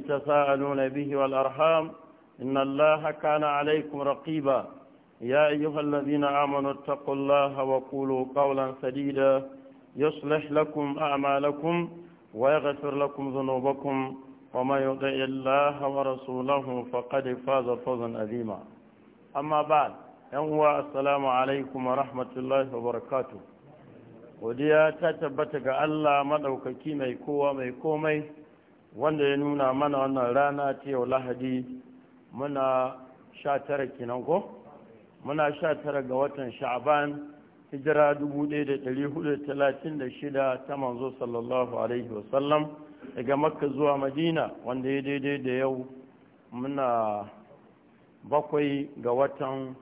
تساءلون به والأرحام إن الله كان عليكم رقيبا يا أيها الذين آمنوا اتقوا الله وقولوا قولا سديدا يصلح لكم أعمالكم ويغفر لكم ذنوبكم وما يطع الله ورسوله فقد فاز فوزا أذيما أما بعد هو السلام عليكم ورحمة الله وبركاته وديا تتبتك ألا مدعوك كي ميكوى ميكومي wanda ya nuna mana wannan rana ta yau lahadi muna sha tara kinan ko muna sha tara ga watan sha'aban hijira 1436 ta manzo sallallahu alaihi wasallam daga makka zuwa madina wanda ya daidai da yau muna bakwai ga watan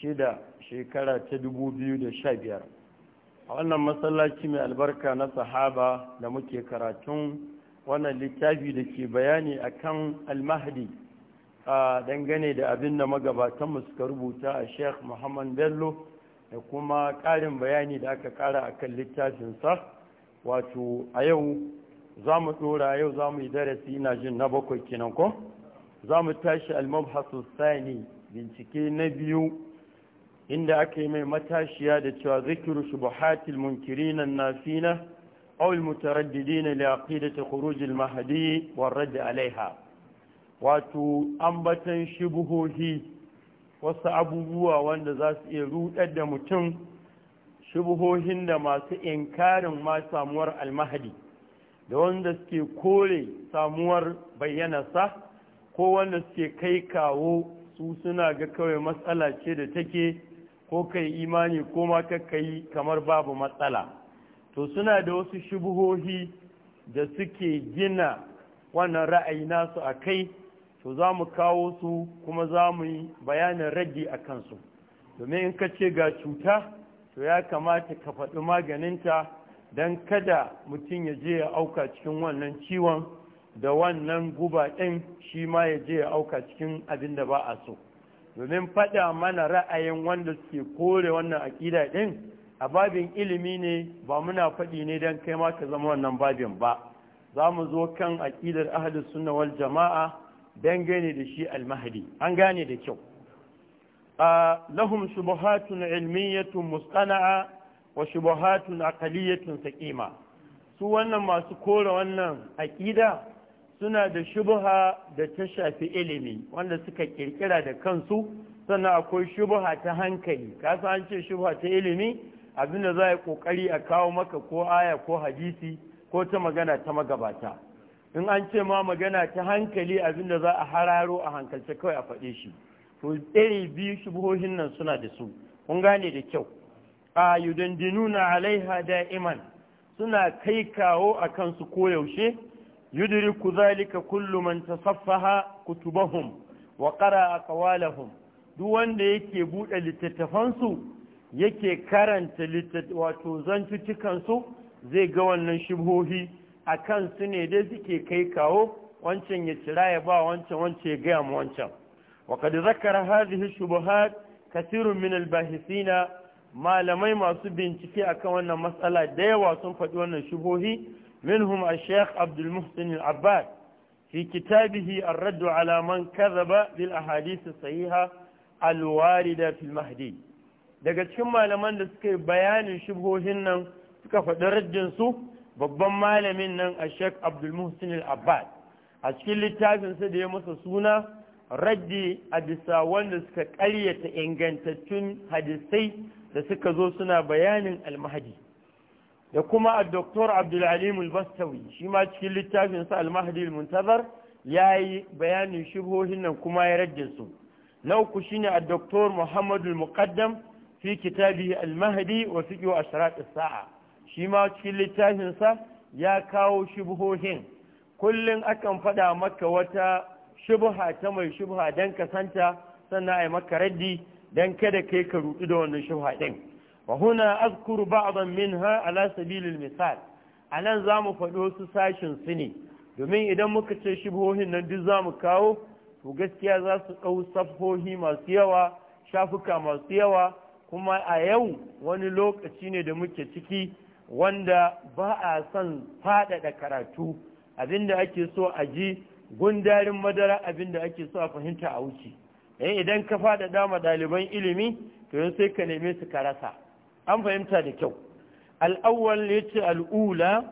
shida shekara ta 2015 a wannan masallaci mai albarka na sahaba da muke karatun wannan littafi da ke bayani a akan almahdi a dangane da abin da magabatanmu suka rubuta a sheikh muhammad bello da kuma ƙarin bayani da aka ƙara a kan littafinsa wato a yau za mu ɗora a yau za mu yi darasi ina jin na bakwai kenan ko za mu tashi almabhasu sani bincike na biyu inda aka yi mai matashiya da cewa zikiru shubuhatil munkirina nafina أو المترددين لعقيدة خروج المهدي والرد عليها واتو أنبتا شبهه وصعبوا وان ذاس إرود أدمتم شبههن ما سإنكار ما سامور المهدي da wanda suke kore samuwar bayyanarsa ko wanda suke kai kawo su suna ga kawai matsala ce da take ko kai imani ko ma kakka kamar babu matsala to suna da wasu shubuhohi da suke gina wannan ra'ayi nasu a kai to za mu kawo su kuma za mu yi bayanin ragi a kansu domin in ka ce ga cuta to ya kamata ka faɗi maganinta don kada mutum ya je ya auka cikin wannan ciwon da wannan guba ɗin shi ma ya je ya auka cikin abin da ba a so domin faɗa mana ra'ayin wanda suke kore wannan aƙida ɗin a babin ilimi ne ba muna faɗi ne don kai ma ka zama wannan babin ba za mu zo kan aƙidar ahalus sunna wal jama'a don gane da shi almahadi an gane da kyau lahum shubuhatun ilmiyatun mustana'a wa shubuhatun aqaliyatun saqima su wannan masu kora wannan aƙida suna da shubuha da ta shafi ilimi wanda suka kirkira da kansu sannan akwai shubuha ta hankali ka san an ce shubuha ta ilimi abinda za a yi ƙoƙari a kawo maka ko aya ko hadisi ko ta magana ta magabata in an ce ma magana ta hankali abinda za a hararo a hankalce kawai a faɗe shi to ɗari biyu shubuhohin nan suna da su kun gane da kyau a na alaiha Iman suna kai kawo a kansu koyaushe ku zalika kullu man tasaffaha kutubahum wa a kawalahum duk wanda yake buɗe littattafansu yake karanta wato zantutukansu zai ga wannan shibhohi a kansu ne dai suke kai kawo wancan ya cira ya ba wancan wancan ya gaya mu wancan وقد zakara هذه shubuhat كثير min albahisina malamai masu bincike akan wannan matsala da yawa sun faɗi wannan shubuhi minhum al-sheikh Abdul Muhsin al-Abbad fi kitabihi ar-radd ala man kadhaba bil ahadith as-sahiha al-warida fi mahdi daga cikin malaman da suka yi bayanin shubhohin nan suka faɗi rajinsu babban malamin nan a shek abdulmuhsin al abbad a cikin littafinsa da ya masa suna raddi hadisa wanda suka ƙaryata ingantattun hadisai da suka zo suna bayanin almahadi da kuma a doktor abdulalim al-bastawi shi ma cikin littafinsa almahadi al-muntazar ya yi bayanin shubhohin nan kuma ya rajinsu na uku shine a doktor muhammadu muqaddam fi kitabi al-mahdi wa fiqhu asharat as-sa'a shi ma cikin littafin sa ya kawo shubuhohin kullun akan fada maka wata shubha ta mai shubha dan kasanta sannan ai maka raddi dan kada kai ka rudu da wannan shubha din wa huna azkuru ba'dan minha ala sabilil misal anan zamu fado su sashin su ne domin idan muka ce shubuhohin nan duk zamu kawo to gaskiya za su ɗau safhohi masu yawa shafuka masu yawa kuma a yau wani lokaci ne da muke ciki wanda ba a son faɗaɗa karatu abinda ake so a ji gundarin madara abinda ake so a fahimta a wuce eh idan ka faɗaɗa ma ɗaliban ilimi to yin sai ka neme su ka rasa an fahimta da kyau al'awwal ya ce al'ula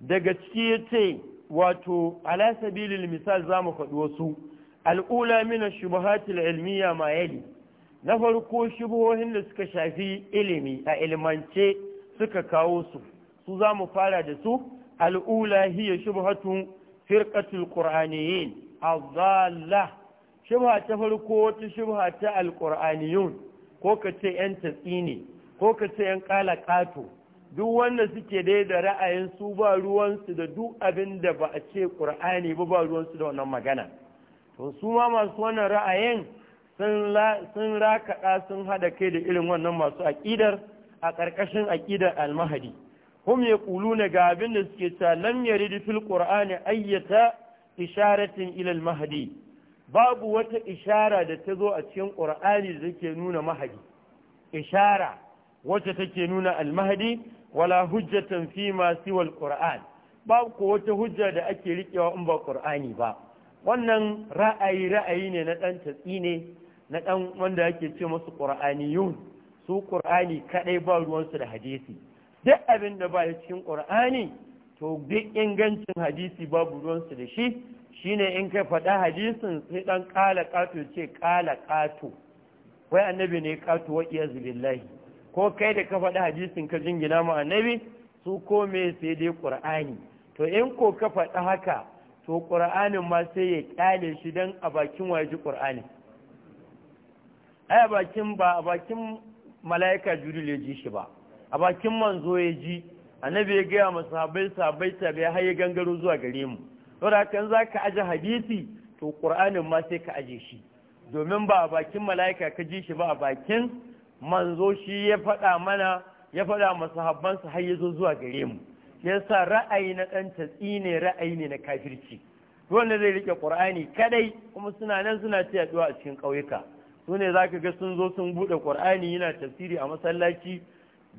daga ciki yace ce wato sabilil misal za mu faɗi wasu al'ula mina shubahatil ilmiya ma yali na farko shubuhohin da suka shafi ilimi a ilimance suka kawo su su za mu fara da su al'ula hiya shubhatun firqatul qur'aniyyin adalla shubha ta farko wata shubha ta alqur'aniyun ko ka ce yan tatsini ko ka ce yan kalakato duk wanda suke dai da ra'ayin su ba ruwansu da duk abin da ba a ce qur'ani ba ba ruwansu da wannan magana to su ma masu wannan ra'ayin sun rakaɗa sun haɗa kai da irin wannan masu aƙidar a ƙarƙashin aƙidar almahadi hum ya ƙulu na ga abin da suke ta lam ya ridi fil ƙur'ani ayyata isharatin ilal mahadi babu wata ishara da ta zo a cikin ƙur'ani da take nuna mahadi ishara wacce take nuna almahadi wala hujjatan fi ma siwal qur'an babu ko wata hujja da ake riƙewa in ba ƙur'ani ba wannan ra'ayi ra'ayi ne na ɗan tatsi ne na ɗan wanda yake ce masu yun su ƙur'ani kaɗai ba ruwansu da hadisi duk abin da ba cikin ƙur'ani to duk ingancin hadisi babu ruwansu da shi shine in kai faɗa hadisin sai ɗan ƙala ƙato ce ƙala ƙato wai annabi ne ƙato wa iya zubillahi ko kai da ka faɗa hadisin ka jingina ma annabi su ko me sai dai ƙur'ani to in ko ka faɗa haka to ƙur'anin ma sai ya ƙyale shi don a bakin waje kur'ani. ai a bakin ba a bakin mala'ika jibril ya ji shi ba a bakin manzo ya ji annabi ya gaya masu sahabbai sabai tabi har ya gangaro zuwa gare mu saboda kan za ka aje hadisi to qur'anin ma sai ka aje shi domin ba a bakin mala'ika ka ji shi ba a bakin manzo shi ya faɗa mana ya faɗa masu habbansa har ya zo zuwa gare mu yasa ra'ayi na ɗan tatsi ne ra'ayi ne na kafirci wanda zai rike ƙur'ani kadai kuma suna nan suna ta yaduwa a cikin ƙauyuka su ne za ka ga sun zo sun buɗe ƙwar'ani yana tafsiri a masallaci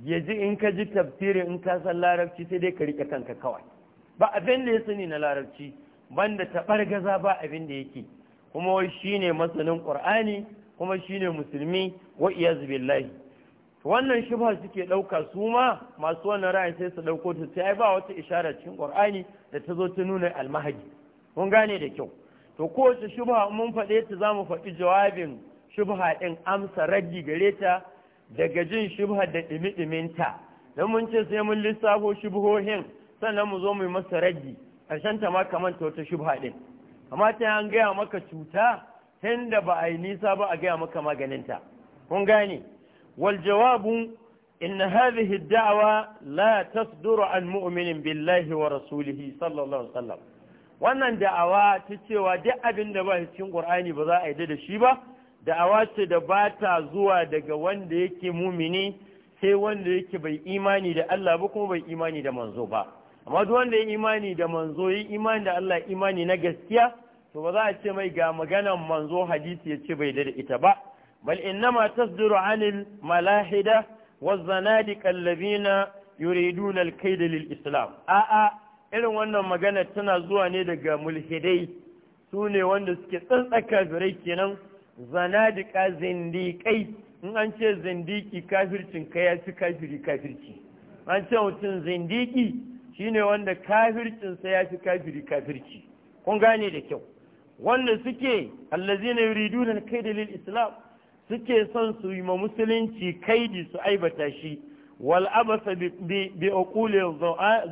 ya ji in ka ji tafsirin in ka san larabci sai dai ka riƙe kanka kawai ba abin da ya sani na larabci ban da taɓar gaza ba abin da yake kuma wai shine masanin ƙwar'ani kuma shine musulmi wa iyazu billahi wannan ba suke ɗauka su ma masu wannan ra'ayi sai su ɗauko ta sai ba wata ishara cikin ƙwar'ani da ta zo ta nuna almahadi mun gane da kyau to kowace shubha mun faɗe ta za mu faɗi jawabin shubha ɗin amsa raggi gare ta daga jin shubha da ɗimi-ɗiminta don mun ce sai mun lissafo shubhohin sannan mu zo mu yi masa ragi ƙarshen ta ma ta wata shubha ɗin amma ta an gaya maka cuta tunda ba a yi nisa ba a gaya maka maganinta kun gane wal jawabu inna hadhihi da'wa la tasduru an mu'minin billahi wa rasulihi sallallahu alaihi wasallam wannan da'awa ta cewa duk abin da ba cikin qur'ani ba za a yi da shi ba da'awa ce da ba ta zuwa daga wanda yake mumini sai wanda yake bai imani da Allah ba kuma bai imani da manzo ba amma duk wanda ya imani da manzo ya imani da Allah imani na gaskiya to ba za a ce mai ga maganan manzo hadisi ya ce bai da ita ba bal innama tasdiru anil malahida wazanadiqa alladhina yuriduna alkayd lil islam a a irin wannan magana tana zuwa ne daga mulhidai su ne wanda suke tsantsaka zurai kenan zanadika zindikai in an ce zindiki kafircin ka ya ci kafiri kafirci an ce mutum zindiki shine wanda kafircinsa ya ci kafiri kafirci kun gane da kyau wanda suke allazina yuriduna kai lil islam suke son su yi ma musulunci kaidi su aibata shi wal abasa bi uquli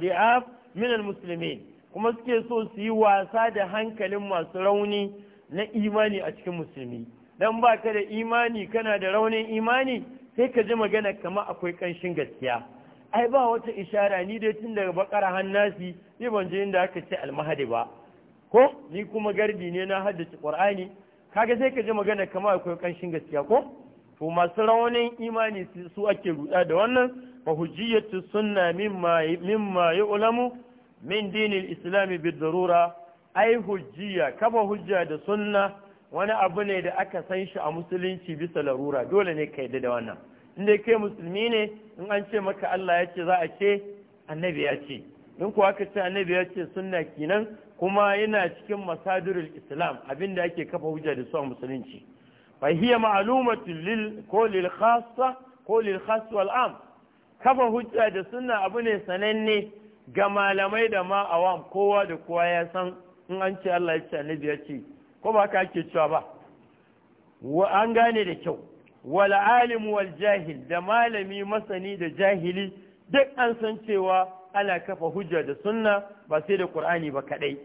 dha'af min al muslimin kuma suke so su yi wasa da hankalin masu rauni na imani a cikin musulmi dan ba ka da imani kana da raunin imani sai ka ji magana kamar akwai ƙanshin gaskiya ai ba wata ishara ni dai tun daga bakara hannasi ni ban je inda aka ce almahadi ba ko ni kuma gardi ne na haddace qur'ani kaga sai ka ji magana kamar akwai ƙanshin gaskiya ko to masu raunin imani su ake ruda da wannan fa hujjiyatu sunna mimma mimma ya'lamu min dinil islami bid darura ai hujjiya kafa hujja da sunna wani abu ne da aka san shi a musulunci bisa larura dole ne ka yadda da wannan inda kai musulmi ne in an ce maka Allah ya ce za a ce annabi ya ce in kuwa ka ce annabi ya ce sunna kenan kuma yana cikin masadirul islam abinda ake kafa hujja da su a musulunci fa hiya ma'lumatun lil ko khassa ko khass wal am kafa hujja da sunna abu ne sananne ga malamai da ma awam kowa da kowa ya san in an ce Allah ya ce annabi ya ce ko ba ka ake cewa ba wa an gane da kyau wal alim wal jahil da malami masani da jahili duk an san cewa ana kafa hujja da sunna ba sai da qur'ani ba kadai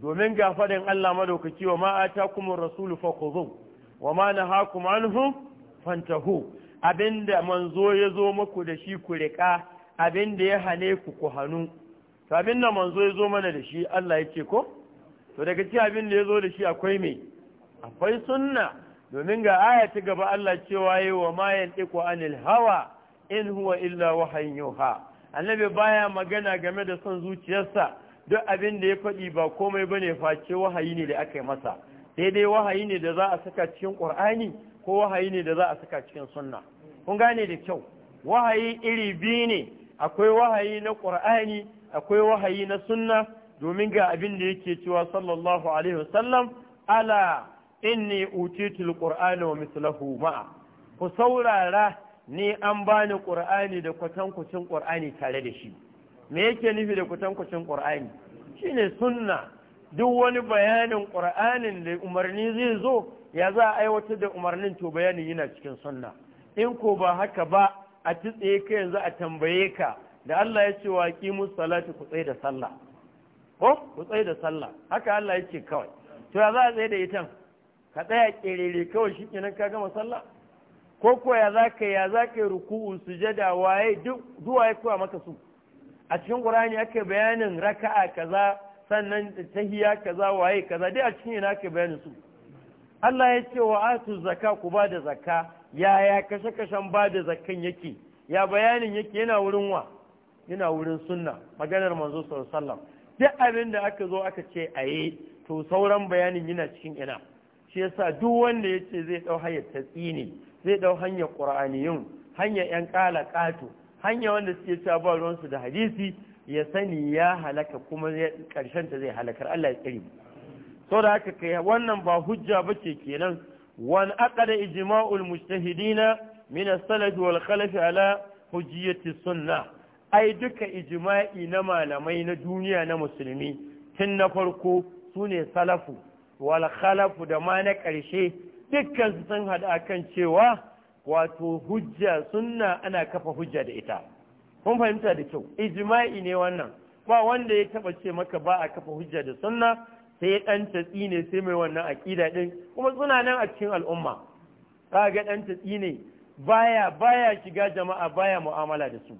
domin ga faɗin Allah madaukaki wa ma atakumur rasulu fakhuzu wa ma nahakum anhu fantahu abinda manzo ya zo muku da shi ku rika, abinda ya hane ku ku hannu to abinda manzo ya zo mana da shi Allah ya ce ko to daga ci abin da ya zo da shi akwai mai akwai sunna domin ga aya ta gaba Allah cewa yi wa mayan ɗiko anil hawa in huwa illa wahayin yoha annabi baya magana game da son zuciyarsa duk abin da ya faɗi ba komai bane face wahayi ne da aka yi masa sai dai wahayi ne da za a saka cikin ƙur'ani ko wahayi ne da za a saka cikin sunna kun gane da kyau wahayi iri biyu ne akwai wahayi na ƙur'ani akwai wahayi na sunna domin ga abin da yake cewa sallallahu alaihi wasallam ala inni utitul qur'ana wa mislahu ma'a ku saurara ni an bani qur'ani da kucin qur'ani tare da shi me yake nufi da kucin qur'ani shine sunna duk wani bayanin qur'anin da umarni zai zo ya za a aiwatar da umarnin to bayanin yana cikin sunna in ko ba haka ba a titse ka yanzu a tambaye ka da Allah ya ce wa qimus salati ku tsaye da sallah ko ku tsaye da sallah haka Allah yake kawai to ya za a tsaye da ita ka tsaya kirere kawai shi kenan ka gama sallah ko ko ya za ka ya za ka ruku'u sujada waye duk duwa ya koya maka su a cikin qur'ani ake bayanin raka'a kaza sannan tahiya kaza waye kaza dai a cikin ina ake bayanin su Allah ya ce wa atu zakka ku ba da zakka ya kashe kashen ba da zakkan yake ya bayanin yake yana wurin wa yana wurin sunna maganar manzo sallallahu alaihi wasallam duk abin da aka zo aka ce a yi to sauran bayanin yana cikin ina shi yasa duk wanda ya ce zai ɗau hanyar tatsini zai ɗau hanyar ƙura'aniyun hanyar ‘yan ƙala ƙato hanyar wanda suke cewa ba ruwansu da hadisi ya sani ya halaka kuma ƙarshen ta zai halakar Allah ya tsiri to da haka kai wannan ba hujja ba ce kenan wani aqada ijma'ul mujtahidina min as wal khalaf ala hujjiyati sunnah ai duka ijima'i na malamai na duniya na musulmi tun na farko su ne salafu wal khalafu da ma na ƙarshe dukkan sun a kan cewa wato hujja sunna ana kafa hujja da ita kun fahimta da kyau ijma'i ne wannan ba wanda ya taba ce maka ba a kafa hujja da sunna sai ya dan tatsi ne sai mai wannan aqida din kuma suna nan a cikin al'umma kaga dan tatsi ne baya baya shiga jama'a baya mu'amala da su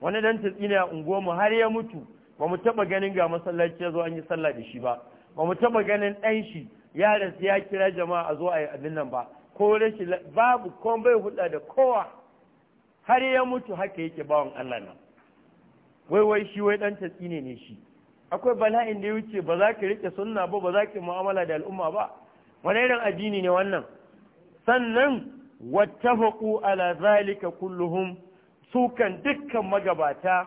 wani dan tatsi a unguwarmu har ya mutu ba mu taɓa ganin ga masallaci ya zo an yi sallah da shi ba ba mu taɓa ganin ɗan shi ya rasu ya kira jama'a a zo a yi abin nan ba ko rashi babu ko bai hulɗa da kowa har ya mutu haka yake bawan Allah nan wai wai shi wai ɗan tatsi ne ne shi akwai bala'in da ya wuce ba za ka riƙe sunna ba ba za ki mu'amala da al'umma ba wani irin addini ne wannan sannan wattafaqu ala zalika kulluhum sukan dukkan magabata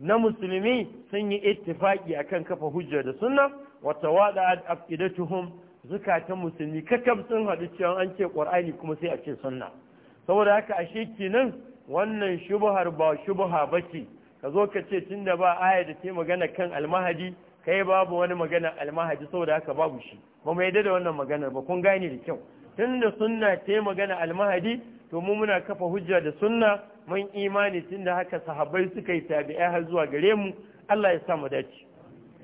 na musulmi sun yi ittifaki akan kafa hujja da sunna wa tawada afidatuhum zukatan musulmi kakam sun hadu cewa an ce qur'ani kuma sai a ce sunna saboda haka ashe kenan wannan shubhar ba shubha bace ka zo ka ce tunda ba aya da ta magana kan almahadi kai babu wani magana almahadi saboda haka babu shi ba mu yadda da wannan maganar ba kun gane da kyau tunda suna ta magana almahadi to mu muna kafa hujja da sunna mun imani tunda haka sahabbai suka yi tabi'a har zuwa gare mu Allah ya sa mu dace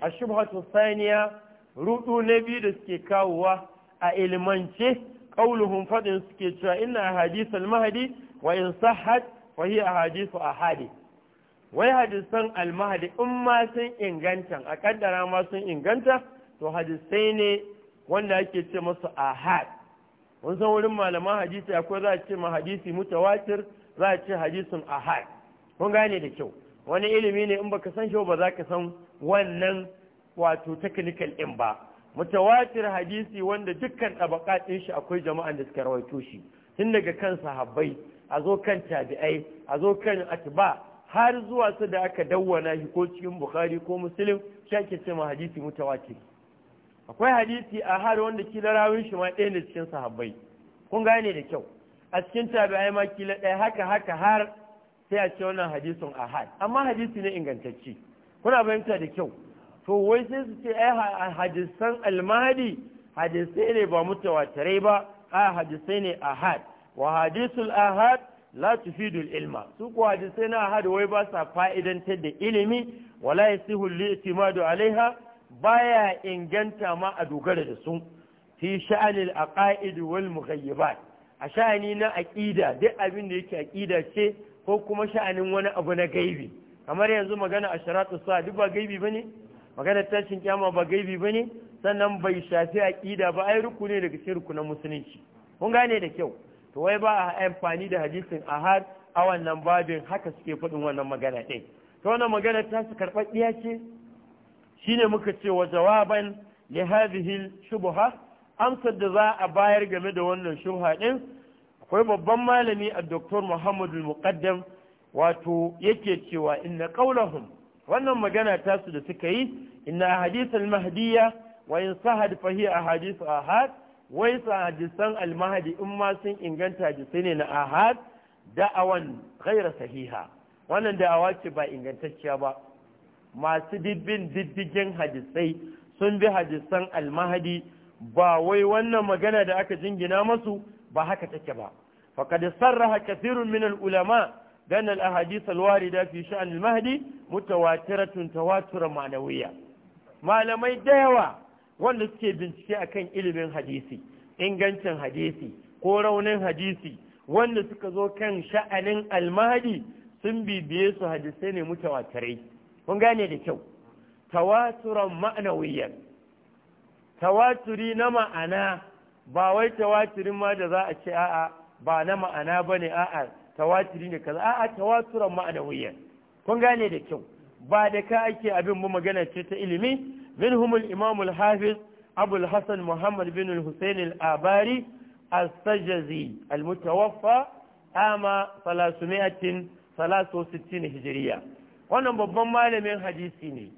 ashubhatu thaniya rudu na biyu da suke kawowa a ilmance qauluhum fadin suke cewa inna ahadith al-mahdi wa in sahhat wa hiya ahadith ahadi wai hadisan al-mahdi in ma sun inganta a kaddara ma sun inganta to hadisai ne wanda ake ce musu ahad mun san wurin malaman hadisi akwai za a ce ma hadisi mutawatir za a ce hadisin ahad kun gane da kyau wani ilimi ne in baka san shi ba za ka san wannan wato technical ɗin ba mutawatir hadisi wanda dukkan tabaka din shi akwai jama'an da suka rawaito shi tun daga kan sahabbai a zo kan tabi'ai a zo kan atba har zuwa su da aka dawwana shi ko cikin bukhari ko muslim shi ake ce ma hadisi mutawatir akwai hadisi a har wanda kila rawin shi ma ɗaya ne cikin sahabbai kun gane da kyau a cikin tabi'ai ma kila ɗaya haka haka har sai a ce wannan hadisin ahad amma hadisi ne ingantacce kuna fahimta da kyau to wai sai su ce ai hadisan almahdi hadisai ne ba mutawatirai ba a hadisai ne a ahad wa hadisul ahad la tufidul ilma su ko hadisai na ahad wai ba sa fa'idantar da ilimi wala yasihu li'timadu itimadu alaiha baya inganta ma a dogara da su fi sha'anil aqaid wal mughayyibat a sha'ani na aqida duk abin da yake aqida ce ko kuma sha'anin wani abu na gaibi kamar yanzu magana asharatu sa duk ba gaibi bane magana tashin kiyama ba gaibi bane sannan bai shafi aqida ba ai rukuni daga cikin rukunan musulunci kun gane da kyau to wai ba a amfani da hadisin ahad a wannan babin haka suke faɗin wannan magana ɗin Ta wannan magana ta su karɓaɗɗiya ce Shi ne muka ce wa jawaban li hadhihi shubha amsar da za a bayar game da wannan shubha din akwai babban malami a Dr. Muhammadu al-Muqaddam wato yake cewa inna qawlahum wannan magana ta su da suka yi inna hadith al-mahdiyya wa in sahad fa hiya ahadith ahad wai hadisan al-mahdi in ma sun inganta hadisai ne na ahad da'awan ghaira sahiha wannan da'awa ce ba ingantacciya ba masu dibbin diddigin hadisai sun bi hadisan almahadi ba wai wannan magana da aka jingina masu ba haka take ba faqad sarraha kathirun min ulama dan al ahadith al warida fi sha'n al mahdi mutawatiratun tawatur ma'nawiyya malamai da yawa wanda suke bincike akan ilimin hadisi ingancin hadisi ko raunin hadisi wanda suka zo kan sha'anin al mahdi sun bibiye su hadisai ne mutawatirai kun gane da kyau tawaturan ma'anawiyan tawaturi na ma'ana ba wai tawaturin ma da za a ce a'a ba na ma'ana ba ne a'a tawaturi ne kaza a'a tawaturan ma'anawiyan kun gane da kyau ba da ka ake abin mu magana ce ta ilimi minhumul imamul hafiz abul hasan muhammad bin al-husayn al-abari السجزي المتوفى عام 363 هجرية wannan babban malamin hadisi ne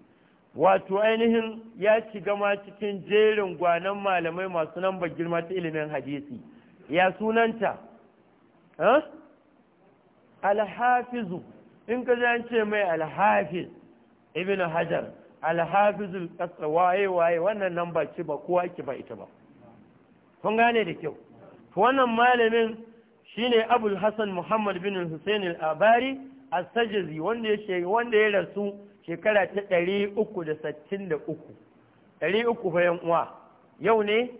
wato ainihin ya ci gama cikin jerin gwanan malamai masu nan ba girma ta ilimin hadisi ya sunanta alhafizu in ka ce mai alhafiz ibn hajar Alhafizu kasa waye waye wannan nan ba ce ba kowa ki ba ita ba kun gane da kyau wannan malamin shine abul hasan muhammad bin husain al-abari asajizi wanda ya wanda ya rasu shekara ta ɗari uku da sittin da uku ɗari uku bayan uwa yau ne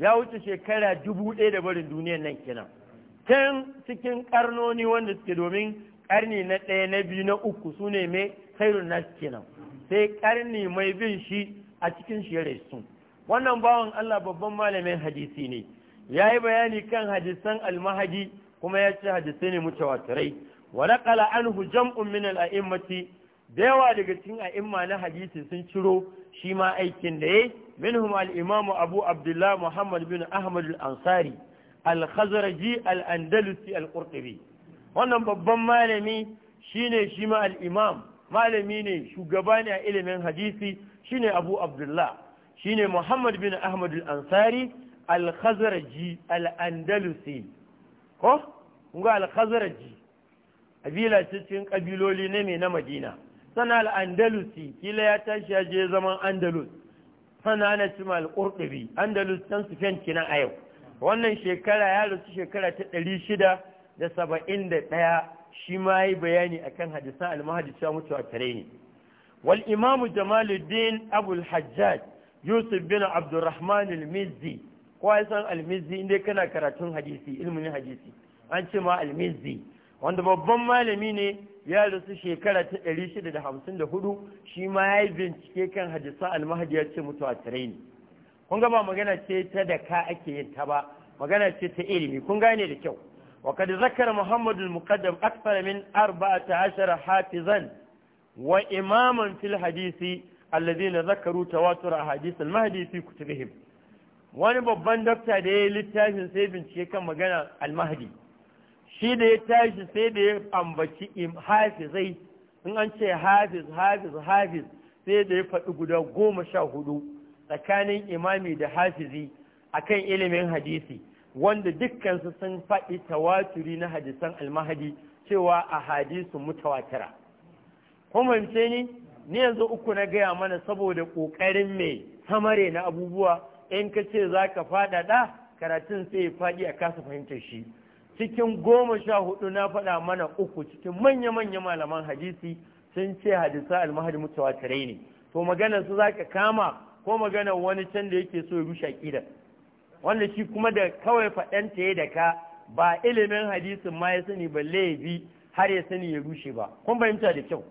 ya wuce shekara dubu ɗaya da barin duniyan nan kenan can cikin karnoni wanda suke domin karni na ɗaya na biyu na uku su ne mai khairun nas kenan sai karni mai bin shi a cikin shi ya rasu wannan bawan Allah babban malamin hadisi ne ya yi bayani kan hadisan almahadi kuma ya ce hadisai ne mutawatirai wa kala anhu jam'un min al-a'immati da yawa daga cikin a'imma na hadisi sun ciro shi ma aikin da yayi minhum al-imam abu abdullah muhammad bin ahmad al-ansari al-khazraji al-andalusi wannan babban malami shine shi ma al malami ne shugaba ne a ilimin hadisi shine abu abdullah shine muhammad bin ahmad al-ansari al-khazraji al ko kun khazraji kabila ce cikin kabiloli ne mai na madina sana al'andalusi kila ya tashi ya je zaman andalus sana ana cima al'urɗuri andalus can sufiyan kenan a yau wannan shekara ya rasu shekara ta ɗari shida da saba'in da ɗaya shi ma yi bayani akan hadisan almahadi cewa a tare ne wal imamu jamaluddin abul hajjaj yusuf bin abdurrahman al ko ya san al inda kana karatun hadisi ilmin hadisi an ce ma al wanda babban malami ne ya rasu shekara ta 654 shi ma ya yi bincike kan hadisa almahadi ya ce mutuwa tare ne kun ga ba magana ce ta da ka ake yin ta ba magana ce ta ilimi kun gane da kyau wa kad zakara muhammadu al-muqaddam akthar min 14 hafizan wa imaman fil hadisi alladhina zakaru tawatur ahadith al-mahdi fi kutubihim wani babban dokta da ya yi littafin sai bincike kan magana al shi da ya tashi sai da ya ambaci hafizai in an ce hafiz hafiz hafiz sai da ya faɗi guda goma sha hudu tsakanin imami da hafizi kan ilimin hadisi wanda dukkansu sun faɗi tawaturi na hadisan almahadi cewa a hadisu mutawatira kuma ni ni yanzu uku na gaya mana saboda ƙoƙarin mai samare na abubuwa in ka ce za ka faɗaɗa karatun sai ya faɗi a kasa fahimtar shi cikin goma sha hudu na faɗa mana uku cikin manya-manya malaman hadisi sun ce hadisa almahadi mutawatirai ne to maganar su zaka kama ko maganar wani can da yake so ya rushe aƙidar? wanda shi kuma da kawai faɗan ta da ka ba ilimin hadisin ma ya sani balle ya har ya sani ya rushe ba kun fahimta da kyau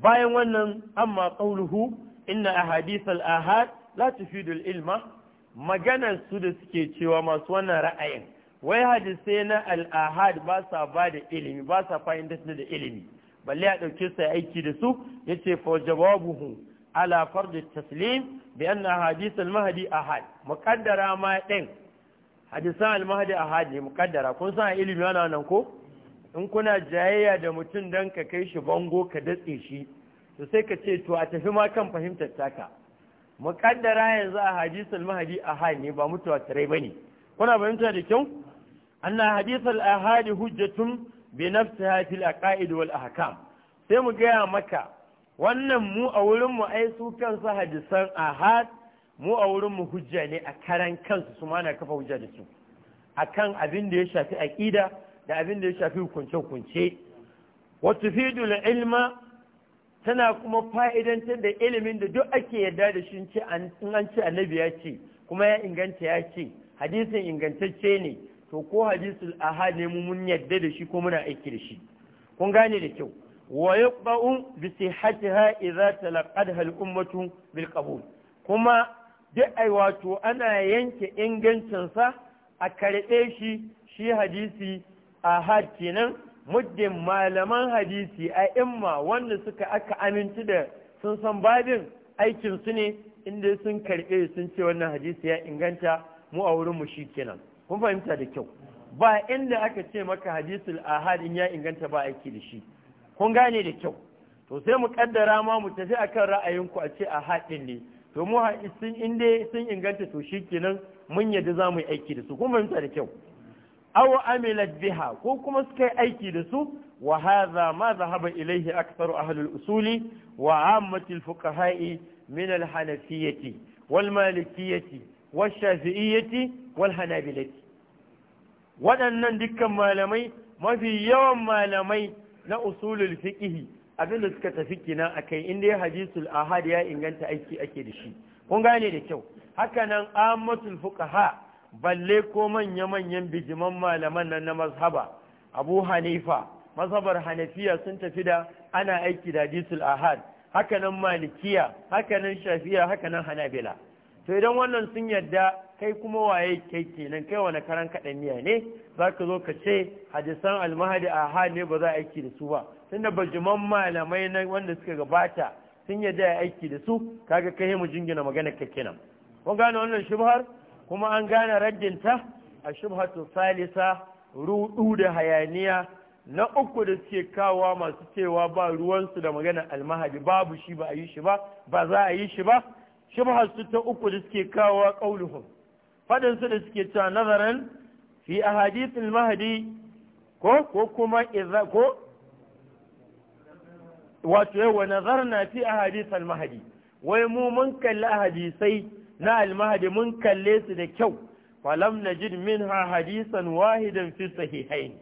bayan wannan amma qauluhu inna ahadith al-ahad la tufidu al-ilma maganar su da suke cewa masu wannan ra'ayin wai hadisai na al'ahad ba sa ba da ilimi ba sa fahimtar da ilimi balle a ɗauke sai aiki da su yace ce fa jawabuhu ala fardu taslim bi anna hadith al-mahdi ahad muqaddara ma din hadisan al-mahdi ahad ne muqaddara kun san ilimi wannan nan ko in kuna jayayya da mutum dan ka kai shi bango ka datse shi to sai ka ce to a tafi ma kan fahimtar taka muƙaddara yanzu a hadith mahadi mahdi ahad ne ba mutuwa tare ba kuna fahimta da kyau أن حديث الآهاد هجة بنفسها في الأقائد والأحكام سيما gaya مكة wannan mu a wurinmu ai su kansu hadisan ahad mu a wurinmu hujja ne a karan kansu su mana kafa hujja da su akan abin da ya shafi aƙida da abin da ya shafi hukunce-hukunce wata fidul ilma tana kuma fa'idantar da ilimin da duk ake yarda da shi in an ce annabi ya ce kuma ya inganta ya ce hadisin ingantacce ne to ko hadisul ahad ne mu mun yadda da shi ko muna aiki da shi kun gane da kyau wa yaqba'u bi sihhatiha idza talaqadha al-ummatu bil qabul kuma duk ai wato ana yanke ingancin sa a karbe shi shi hadisi ahad kenan muddin malaman hadisi a imma wanda suka aka aminci da sun san babin aikin su ne inda sun karbe sun ce wannan hadisi ya inganta mu a wurin mu shi kenan kun fahimta da kyau ba inda aka ce maka hadisul ahad in ya inganta ba aiki da shi kun gane da kyau to sai mu kaddara ma mu tafi akan ra'ayinku a ce ahad din ne to mu sun inda sun inganta to shikenan mun yadda za mu yi aiki da su kun fahimta da kyau aw amilat biha ko kuma suka yi aiki da su wa hadha ma zahaba ilayhi aktharu ahlul usuli wa ammatul fuqaha'i min al-hanafiyyati wal malikiyyati wal shafi'iyyati wal hanabilati waɗannan dukkan malamai mafi yawan malamai na usulul fiqhi abinda suka tafi kina akai inda ya hadisul ahad ya inganta aiki ake da shi kun gane da kyau haka nan ammatul fuqaha balle ko manya manyan bijiman malaman nan na mazhaba abu hanifa mazhabar hanafiya sun tafi da ana aiki da hadisul ahad haka nan malikiya haka nan shafiya haka nan hanabila to idan wannan sun yadda kai kuma waye kai kenan kai wani karan kaɗan miya ne za ka zo ka ce hadisan almahadi a hali ne ba za a aiki da su ba tunda bajiman malamai na wanda suka gabata sun yarda da aiki da su kaga kai mu jingina magana ka kenan kun gane wannan shubhar kuma an gane raddinta a shubhatu salisa rudu da hayaniya na uku da suke kawowa masu cewa ba ruwansu da magana almahadi babu shi ba a yi shi ba ba za a yi shi ba shubhar su ta uku da suke kawowa kauluhu faɗin da suke cewa nazarin fi hadithin mahadi ko ko kuma iza ko wato yawa na fi hadithin Mahadi, wai mu mun kalli hadisai na almahadi mun kalle su da kyau falam min ha hadisan wahidan fi sahihain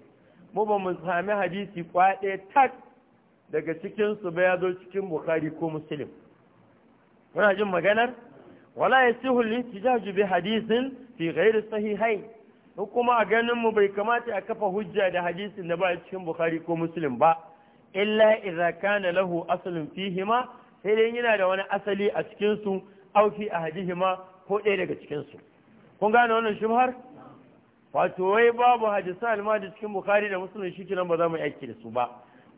mu ba mu sami hadisi kwaɗe tak daga cikinsu ba ya zo cikin bukhari ko muslim muna jin maganar wala ya al-ihtijaj bi hadithin fi ghairi sahihain kuma a ganin mu bai kamata a kafa hujja da hadisin da ba cikin bukhari ko muslim ba illa idza kana lahu aslun fihima sai dai yana da wani asali a cikin su aw fi ahadihima ko ɗaya daga cikin su kun gane wannan shubhar wato wai babu hadisi da cikin bukhari da muslim shikenan ba za mu aiki da su ba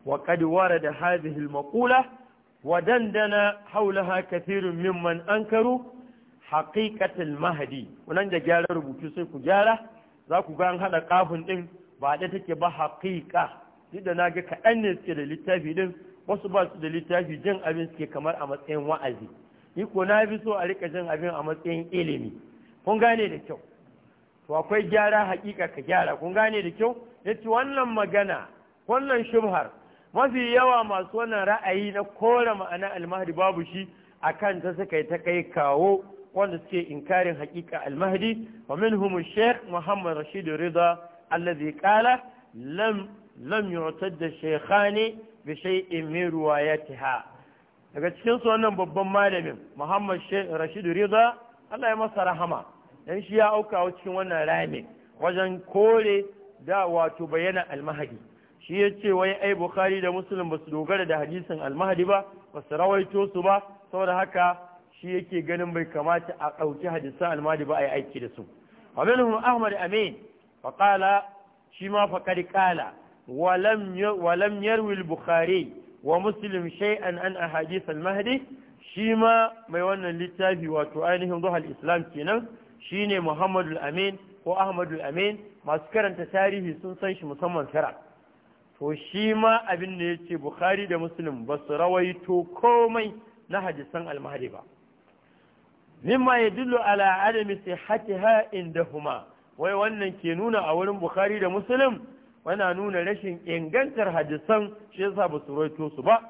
wa qad warada hadhihi almaqula wa dandana hawlaha kathirun mimman ankaru haƙiƙatin mahadi wannan da gyara rubutu sai ku gyara za ku ga an hada kafin ɗin ba da take ba haƙiƙa duk da naga kaɗan ne suke da littafi din wasu ba su da littafi jin abin suke kamar a matsayin wa'azi ni ko na fi so a rika jin abin a matsayin ilimi kun gane da kyau to akwai gyara haƙiƙa ka gyara kun gane da kyau yace wannan magana wannan shubhar mafi yawa masu wannan ra'ayi na kore ma'ana almahdi babu shi akan ta suka yi ta kai kawo wanda suke inkarin hakika al-mahdi wa minhum sheikh muhammad rashid rida alladhi qala lam lam yu'tadda shaykhani bi shay'in min riwayatiha daga cikin su wannan babban malamin muhammad rashid rida Allah ya masa rahama dan shi ya auka cikin wannan rami wajen kore da wato bayyana al-mahdi shi ya ce wai ai bukhari da muslim ba su dogara da hadisin al-mahdi ba ba su rawaito su ba saboda haka shi yake ganin bai kamata a ɗauki hadisan almadi ba a yi aiki da su wa minhum ahmad amin fa qala shi ma qala wa lam yarwi bukhari wa muslim shay'an an ahadith al-mahdi shi mai wannan littafi wato ainihin ruha al-islam kenan shine muhammad amin ko ahmad amin masu karanta tarihi sun san shi musamman sara to shima ma abin da yace bukhari da muslim ba su rawaito komai na hadisan al ba mimma ya dillo ala adami sihatiha indahuma wai wannan ke nuna a wurin bukhari da muslim wana nuna rashin ingantar hadisan shi yasa ba su roito su ba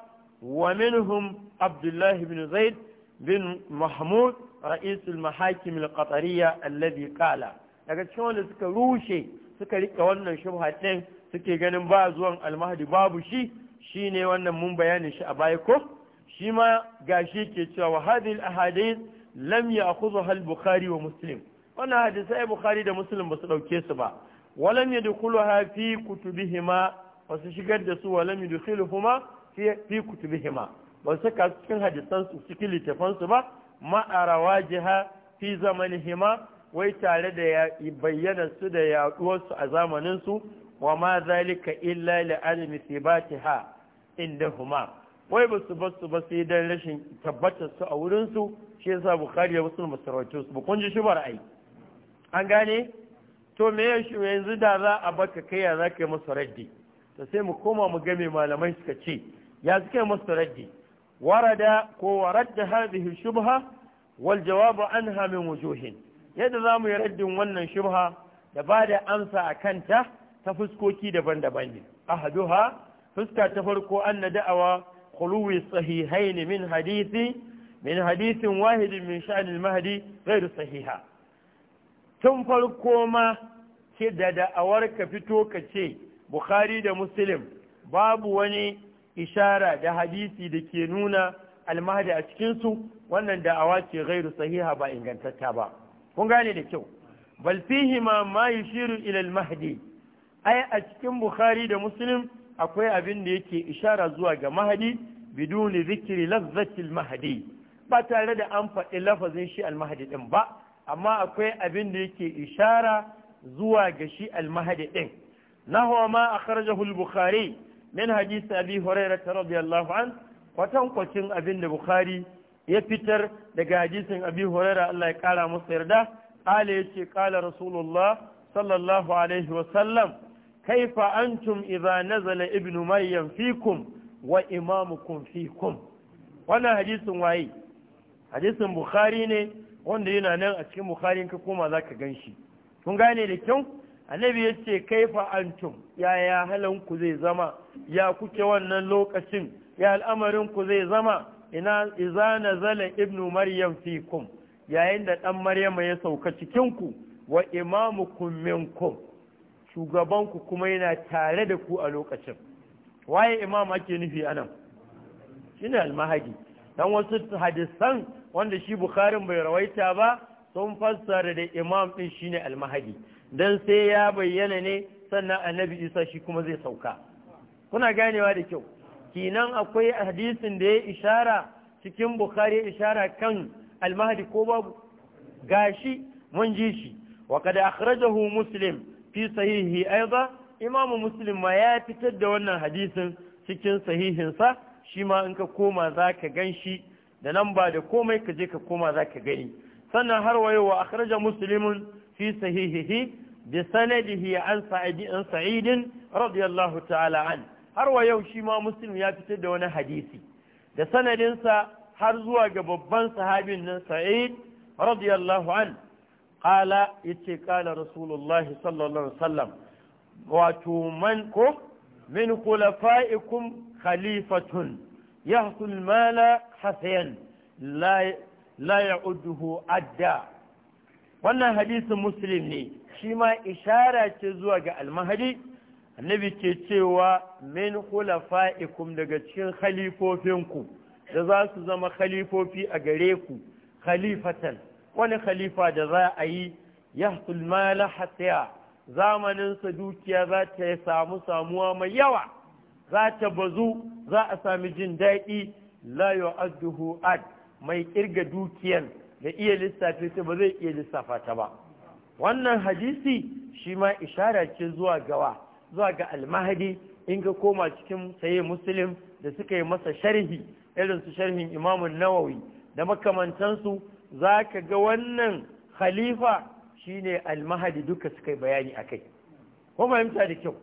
wa minhum abdullah ibn zaid bin mahmud ra'isul mahakim al-qatariyya alladhi qala daga cikin wanda suka rushe suka rika wannan shubha din suke ganin ba zuwan almahdi babu shi shine wannan mun bayanin shi a baya ko shi ma gashi ke cewa wa hadhihi al lam ya'khudha al-bukhari wa muslim wannan hadisai bukhari da muslim ba su dauke su ba walam ha fi kutubihima ba su shigar da su walam yadkhuluhuma fi kutubihima ba su ka cikin hadisan su cikin littafan su ba ma arawajiha fi zamanihima wai tare da ya bayyana su da yaduwar su a zamanin su wa ma zalika illa li alimi sibatiha indahuma wai ba su ba su ba sai dan rashin tabbatar su a wurin su shi yasa bukhari ya muslim basu rawaito su kun ji shubar ai an gane to me yanzu da za a baka kai ya za ka yi musu raddi to sai mu koma mu game malamai suka ce ya suka yi musu raddi warada ko waradda hadhihi shubha wal jawabu anha min wujuhin yadda za mu yi raddin wannan shubha da ba da amsa a kanta ta fuskoki daban-daban ne ahaduha fuska ta farko an na da'awa khuluwi sahihaini min hadisi min hadisin wahidin min sha'anil mahadi ghairu sahiha tun farko ma ce da da'awar ka fito ka ce bukhari da muslim babu wani ishara da hadisi da ke nuna almahadi a cikinsu wannan da'awa ce ghairu sahiha ba ingantatta ba kun gane da kyau bal fihi ma ma yushiru ila almahdi ai a cikin bukhari da muslim akwai abin da yake ishara zuwa ga mahadi biduni zikri lazzatil mahadi. ba tare da an faɗi lafazin shi almahadi ɗin ba amma akwai abin da yake ishara zuwa ga shi almahadi ɗin nahwa ma a al-bukhari min hadisi abi hurairah radiyallahu an kwatankwacin abin da bukhari ya fitar daga hadisin abi hurairah Allah ya kara masa yarda qala yace qala rasulullah sallallahu alaihi wa sallam kaifa antum idza nazala ibnu maryam fikum wa imamukum fikum wannan hadisin waye hadisin bukhari ne wanda yana nan a cikin bukhari ka koma za ka gan shi kun gane da kyau annabi ya ce kaifa antum yaya halanku zai zama ya kuke wannan lokacin ya al'amarin ku zai zama ina iza nazala ibnu maryam fikum yayin da dan maryam ya sauka cikin ku wa imamukum minkum shugaban ku kuma yana tare da ku a lokacin waye imam ake nufi anan shine almahadi dan wasu hadisan wanda shi bukharin bai rawaita ba sun fassara da imam ɗin shine almahadi dan sai ya bayyana ne sannan annabi isa shi kuma zai sauka kuna ganewa da kyau kinan akwai hadisin da ya ishara cikin bukhari ishara kan almahadi ko babu gashi mun ji shi wa kad akhrajahu muslim fi sahihi aiza imamu muslim ma ya fitar da wannan hadisin cikin sahihinsa shi ma in ka koma za ka gan shi da nan ba da komai ka je ka koma za ka gani sannan har wayo wa akhraja muslimun fi sahihihi bi sanadihi an sa'idi an sa'idin radiyallahu ta'ala an har wayo shi ma muslim ya fitar da wani hadisi da sanadinsa har zuwa ga babban sahabin nan sa'id radiyallahu an qala yace qala rasulullahi sallallahu alaihi wasallam wato man ko min khulafa'ikum khalifatun يحصل المال حسيا لا لا يعده wannan hadisin muslim ne shi ma ishara ce zuwa ga almahadi annabi ke cewa min khulafa'ikum daga cikin khalifofinku da za su zama khalifofi a gare ku khalifatan wani khalifa da za a yi ya mala hasiya zamanin sa dukiya za ta samu samuwa mai yawa za ta bazu za a sami jin daɗi la yu'adduhu ad mai kirga dukiyan da iya lissafe ta ba zai iya lissafa ta ba wannan hadisi shi ma ishara ce zuwa gawa zuwa ga almahadi in ka koma cikin saye musulun da suka yi masa sharhi irin su sharhin imamun nawawi da makamantansu za ka ga wannan khalifa shine almahadi duka suka yi bayani a kai kuma fahimta da kyau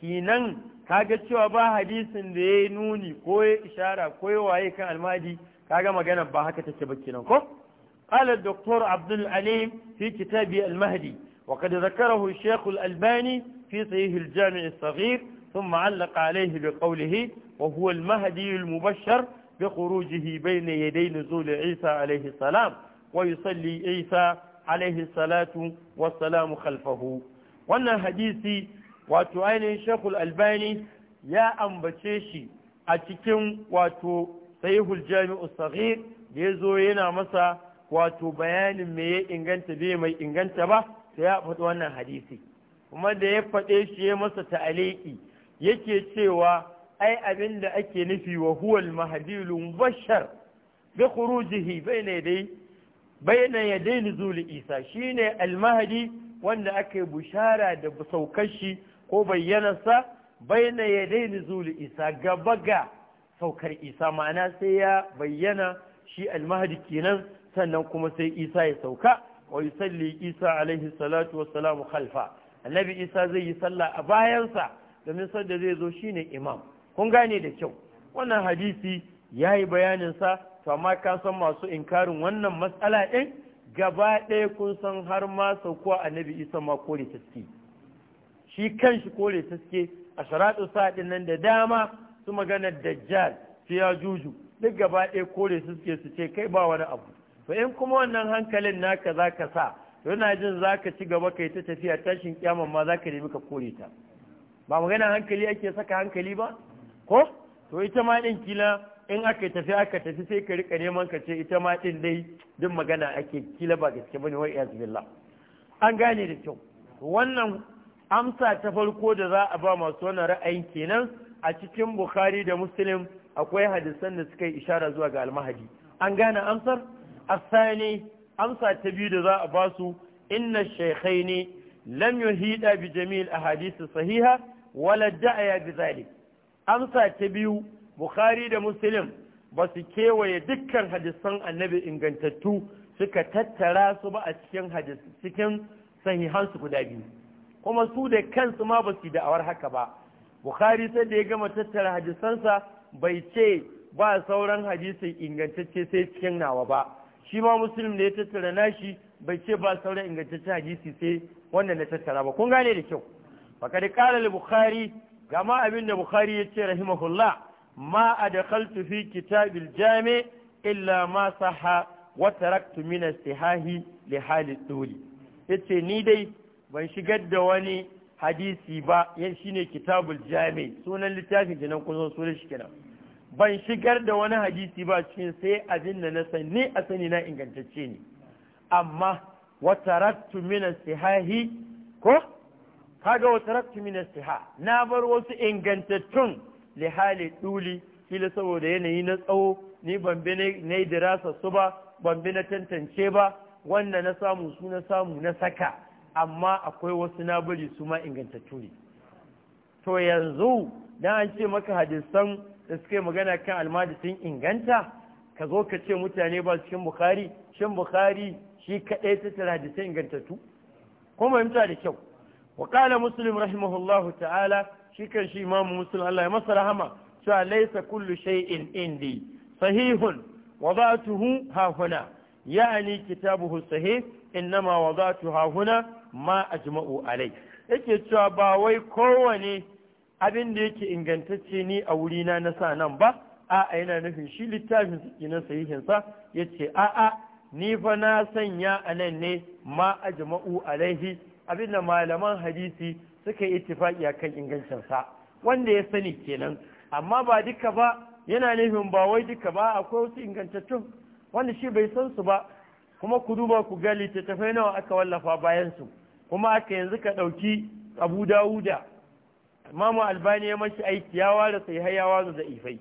kinan kaga cewa ba hadisin da ya nuni ko ya ishara ko ya waye kan almadi kaga magana ba haka take ba kinan ko قال الدكتور عبد العليم في كتابه المهدي وقد ذكره الشيخ الألباني في صحيح الجامع الصغير ثم علق عليه بقوله وهو المهدي المبشر بخروجه بين يدي نزول عيسى عليه السلام ويصلي عيسى عليه الصلاة والسلام خلفه wannan hadisi wato ainihin shekul albani ya ambace shi a cikin wato sahihul jami'u sahih da ya zo yana masa wato bayanin me ya inganta bai mai inganta ba sai ya faɗi wannan hadisi kuma da ya faɗe shi ya masa ta'aliki yake cewa ai abin da ake nufi wa huwal mahadilun bashar bi khurujihi bayna yadai bayna yadai nuzul isa shine al mahadi wanda aka yi bushara da saukar shi ko bayyanarsa na ya dai zuli isa gaba ga saukar isa ma'ana sai ya bayyana shi almahadi kenan sannan kuma sai isa ya sauka wa yusalli isa alaihi salatu wassalamu khalfa annabi isa zai yi sallah a bayansa domin da zai zo shine imam kun gane da kyau wannan hadisi ya yi sa? to amma ka san masu inkarin wannan matsala ɗin gaba ɗaya kun san har ma saukuwa annabi isa ma kore taski shi shi kore taske suke a sharaɗu sa'adin nan da dama su maganar dajjal su ya juju duk gaba ɗaya kore suke su ce kai ba wani abu to in kuma wannan hankalin naka za ka sa yana jin za ka ci gaba yi ta tafiya tashin kyaman ma za ka nemi ka kore ta ba magana hankali ake saka hankali ba ko to ita ma ɗin kila in aka tafi aka tafi sai ka rika neman ka ce ita ma ɗin dai duk magana ake kila ba gaske bane wai iyaz an gane da kyau wannan amsa ta farko da za a ba masu wannan ra'ayin kenan a cikin bukhari da muslim akwai hadisan da suka yi ishara zuwa ga almahadi an gane amsar asani amsa ta biyu da za a ba su inna shaykhaini lam yuhida bi jami'il ahadith sahiha wala da'aya bi zalik amsa ta biyu bukhari da muslim ba su kewaye dukkan hadisan annabi ingantattu suka tattara su ba a cikin hadis cikin sahihansu guda biyu kuma su da kansu ma ba su da'awar haka ba bukhari sai da ya gama tattara hadisansa bai ce ba sauran hadisin ingantacce sai cikin nawa ba shi ma muslim da ya tattara nashi bai ce ba sauran ingantaccen hadisi sai wannan na tattara ba kun gane da kyau fakad qala bukhari gama abin da bukhari ya ce rahimahullah ma adkhaltu fi kitabil jami illa ma saha wa taraktu min istihahi li hali duli yace ni dai ban shigar da wani hadisi ba yan ne kitabul jami sunan littafin kenan kun sunan shi kenan ban shigar da wani hadisi ba cikin sai abin da na sani a sani na ingantacce ne amma watarattu min sihahi ko kaga watarattu min siha na bar wasu ingantattun li hali duli kila saboda yanayi na tsawo ni ban bi na dirasa su ba ban bi na tantance ba wanda na samu su na samu na saka amma akwai wasu na bari su ma ingantattu ne to yanzu dan an ce maka hadisan da suka yi magana kan almadisin inganta ka zo ka ce mutane ba cikin bukari shin bukari shi kaɗai ta tara hadisai ingantattu ko mahimta da kyau wa ƙala muslim rahimahullahu ta'ala shi kan shi imamu muslim Allah ya masa rahama cewa laisa kullu shay'in indi sahihun wada'tuhu ha huna ya'ani kitabuhu sahih innama wada'tu ha huna ma a ajma'u alai yake cewa ba wai kowane abin da yake ingantacce ni a wurina na sa nan ba a'a yana nufin shi littafin su na sahihinsa ya ce a'a ni fa na sanya a nan ne ma a ajma'u alaihi abin da malaman hadisi suka yi a akan ingancinsa wanda ya sani kenan amma ba duka ba yana nufin ba wai duka ba akwai wasu ingantattun wanda shi bai san su ba kuma ku duba ku ga littattafai nawa aka wallafa bayan su kuma aka yanzu ka ɗauki abu dawuda mamu albani ya mashi aiki ya ware sai ya ware za'ifai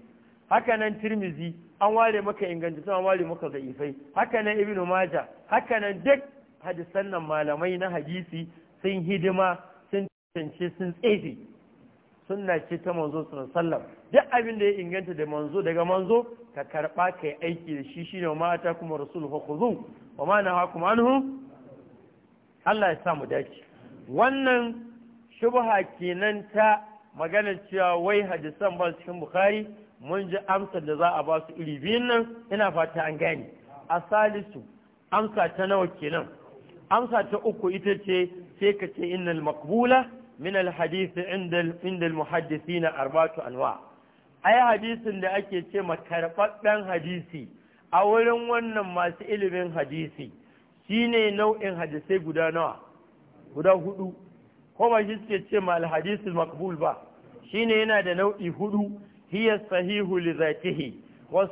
haka nan tirmizi an ware maka inganta an ware maka za'ifai haka nan ibnu maja haka nan duk hadisan nan malamai na hadisi sun hidima sun tantance sun tsefe sunna ce ta manzo sallam duk abin da ya inganta da manzo daga manzo ka karba kai aiki da shi shine ma ta kuma rasul fa khudhu wa ma nahakum anhu Allah ya sa mu dace wannan shubha kenan ta maganar cewa wai hadisan ba cikin Bukhari mun ji amsar da za a ba su iri biyun nan ina fata an gane a salisu amsa ta nawa kenan amsa ta uku ita ce sai ka ce innal maqbula min al inda inda al muhaddisin anwa ai hadisin da ake ce ma karbabben hadisi a wurin wannan masu ilimin hadisi Shi ne nau'in hadisai guda nawa guda hudu kuma shi suke ce ma alhadisul makbul ba shine yana da nau'i hudu hiya sahihu li zatihi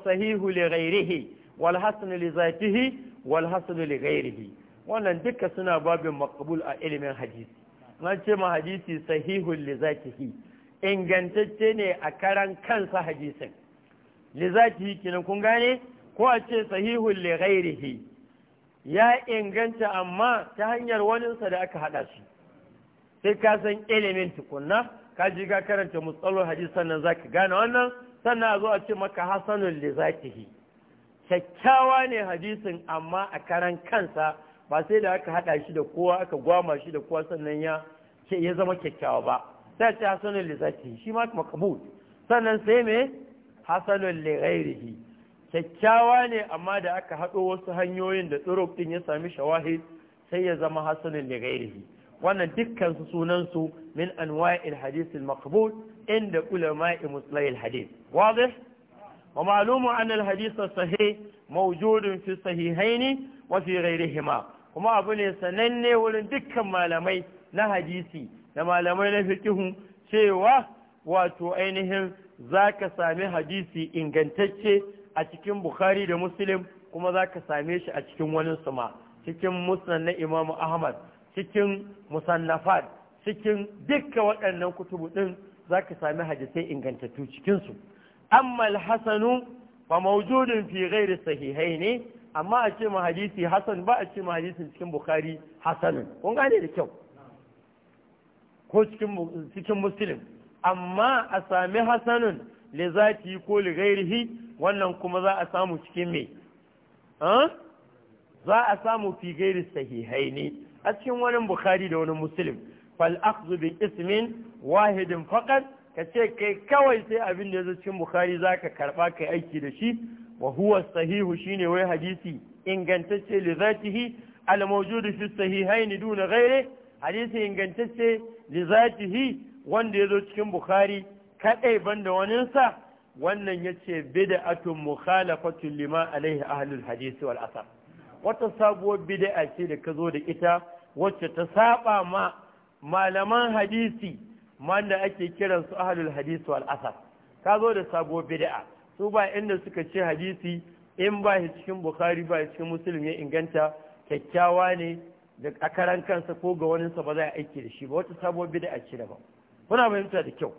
sahihu li ghairihi wal hasan li wal hasan li ghairihi wannan duka suna babin makbul a ilimin hadisi Nan ce ma hadisi sahihu li zatihi ingantacce ne a karan kansa hadisin li zatihi kenan kun gane ko a ce sahihu li ghairihi ya inganta amma ta hanyar waninsa da aka haɗa shi sai ka san ilimin tukunna ka ji ka karanta mutsalar hadis sannan za ka gane wannan sannan a zo a ce maka hasanun li zakihi kyakkyawa ne hadisin amma a karan kansa ba sai da aka haɗa shi da kowa aka gwama shi da kowa sannan ya ya zama kyakkyawa ba sai ce hasanun li zakihi shi ma makabul sannan sai me hasanun li ghairihi kyakkyawa ne amma da aka haɗo wasu hanyoyin da tsuruk ɗin ya sami shawahid sai ya zama hasanin da gairihi wannan dukkan su sunan su min anwa'i hadith al inda ulama'i muslai al-hadith wadih wa ma'lumu an al sahih mawjudun fi sahihaini wa fi ghairihima kuma abu ne sananne wurin dukkan malamai na hadisi da malamai na fiqh cewa wato ainihin zaka sami hadisi ingantacce a cikin bukhari da muslim kuma za ka same shi a cikin wani suma cikin musnad na Imam ahmad cikin musannafat cikin dukkan waɗannan kutubu ɗin za ka sami hadisai ingantattu cikinsu amma hasanu fa mawjudin fi ghairi sahihai ne amma a ce hadisi hasan ba a ce ma cikin bukhari hasanun kun gane da kyau ko cikin muslim amma a sami hasanun li zati ko li ghairihi wannan kuma za a samu cikin me za a samu fi ghairi ne a cikin wani bukhari da wani muslim fal akhdhu bi ismin wahidin faqat kace kai kawai sai abin da yazo cikin bukhari zaka karba kai aiki da shi wa huwa sahihu shine wai hadisi ingantacce li zatihi al mawjudu fi sahihaini duna ghairi hadisi ingantacce li zatihi wanda yazo cikin bukhari kaɗai da waninsa wannan ya ce bida'atun mukhalafatun lima alaihi ahlul hadisi wal asar wata sabuwar bida'a ce da ka zo da ita wacce ta saba ma malaman hadisi wanda ake kiran su ahlul hadisi wal asar ka zo da sabuwar bida'a su ba inda suka ce hadisi in ba shi cikin bukhari ba shi cikin muslim ya inganta kyakkyawa ne da akaran kansa ko ga waninsa ba za a aiki da shi ba wata sabuwar bida'a ce daban kuna fahimta da kyau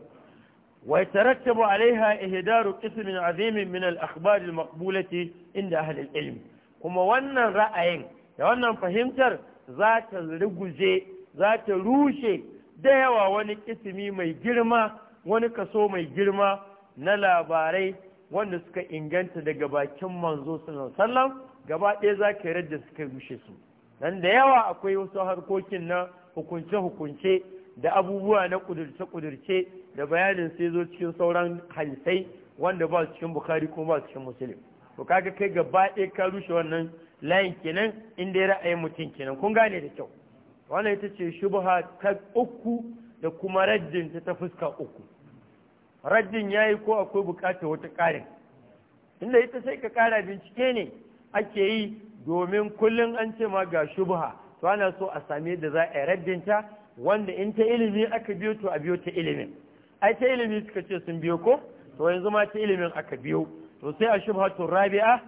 Wai ويترتب عليها إهدار قسم عظيم من الأخبار المقبولة عند أهل العلم kuma wannan ra'ayin da wannan fahimtar za ta ruguje za ta rushe da yawa wani kisimi mai girma wani kaso mai girma na labarai wanda suka inganta daga bakin manzo sallam gaba ɗaya za ka yarda suka rushe su nan da yawa akwai wasu harkokin na hukunce-hukunce da abubuwa na ƙudurce-ƙudurce da bayanin sai zo cikin sauran hadisai wanda ba su cikin bukari kuma ba su cikin musulun to kaga kai gaba ɗaya ka rushe wannan layin kenan inda ya ra'ayin mutum kenan kun gane da kyau wannan ita ce shubha ta uku da kuma raddin ta ta fuska uku raddin yi ko akwai bukatar wata ƙarin inda ita sai ka ƙara bincike ne ake yi domin kullum an ce ma ga shubha to ana so a same da za a yi wanda in ta ilimi aka biyo to a biyo ta ilimin ai ta ilimi suka ce sun biyo ko to yanzu ma ta ilimin aka biyo to sai a shubhatun rabi'a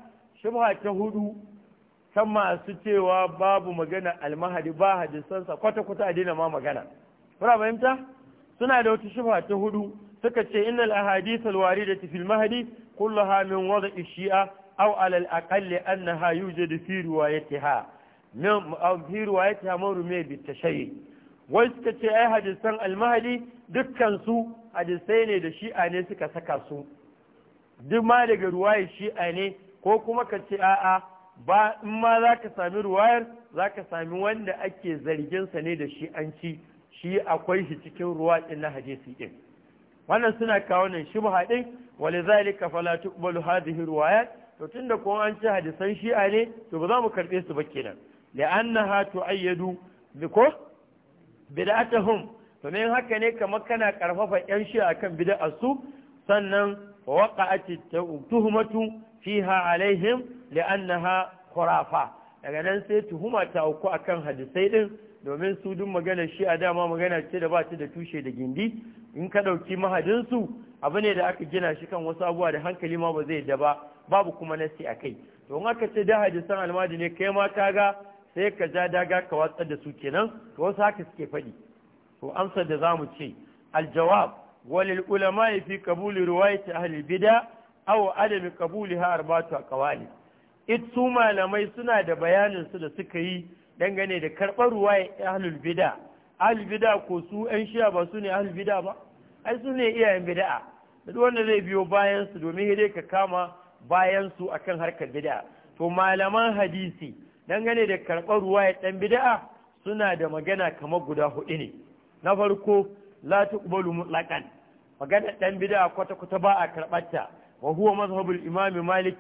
shubha ta hudu kan masu cewa babu magana almahadi ba hadisansa kwata-kwata a daina ma magana kuna fahimta suna da wata shubha ta hudu suka ce innal ahadith da fil mahdi kullaha min wada'i shi'a aw ala al-aqalli annaha yujadu fi riwayatiha min aw fi riwayatiha mawrumi bi tashayyi wai suka ce ai hadisan almahali dukkan su hadisai ne da shi'a ne suka saka su duk ma daga ruwaye shi'a ne ko kuma ka ce a'a ba in ma za ka sami ruwayar za ka sami wanda ake zarginsa ne da shi'anci shi akwai shi cikin ruwa na hadisi ɗin wannan suna kawo nan shubha ɗin wale zalika fala tuqbalu hadhihi ruwayat to tunda ko an ce hadisan shi'a ne to ba za mu karɓe su ba kenan la'annaha tu'ayyadu bi bid'atuhum to ne haka ne kamar kana karfafa yan shi akan bid'ar su sannan waqa'at tuhmatu fiha alaihim li'annaha khurafa daga nan sai tuhuma ta auku akan hadisai din domin su duk magana shi a dama magana ce da ba ta da tushe da gindi in ka dauki mahadinsu abu ne da aka gina shi kan wasu abuwa da hankali ma ba zai da ba babu kuma nasi a kai to in aka ce da hadisan almadi ne kai ma ka ga sai ka ja daga ka watsar da su kenan to wasu haka suke faɗi to amsar da zamu ce aljawab walil ulama fi qabuli riwayati ahli bid'a aw adam qabuliha arba'atu aqwali it su malamai suna da bayanin su da suka yi dangane da karɓar ruwaya ahli bid'a ahli bid'a ko su an shiya ba su ne ahli bid'a ba ai su ne iyayen bid'a duk wanda zai biyo bayan su domin dai ka kama bayan su akan harkar bid'a to malaman hadisi dangane da karɓar ya ɗan bida'a suna da magana kamar guda hudu ne na farko la tuqbalu mutlaqan magana ɗan bida'a kwata-kwata ba a ta wa huwa mazhabul imam malik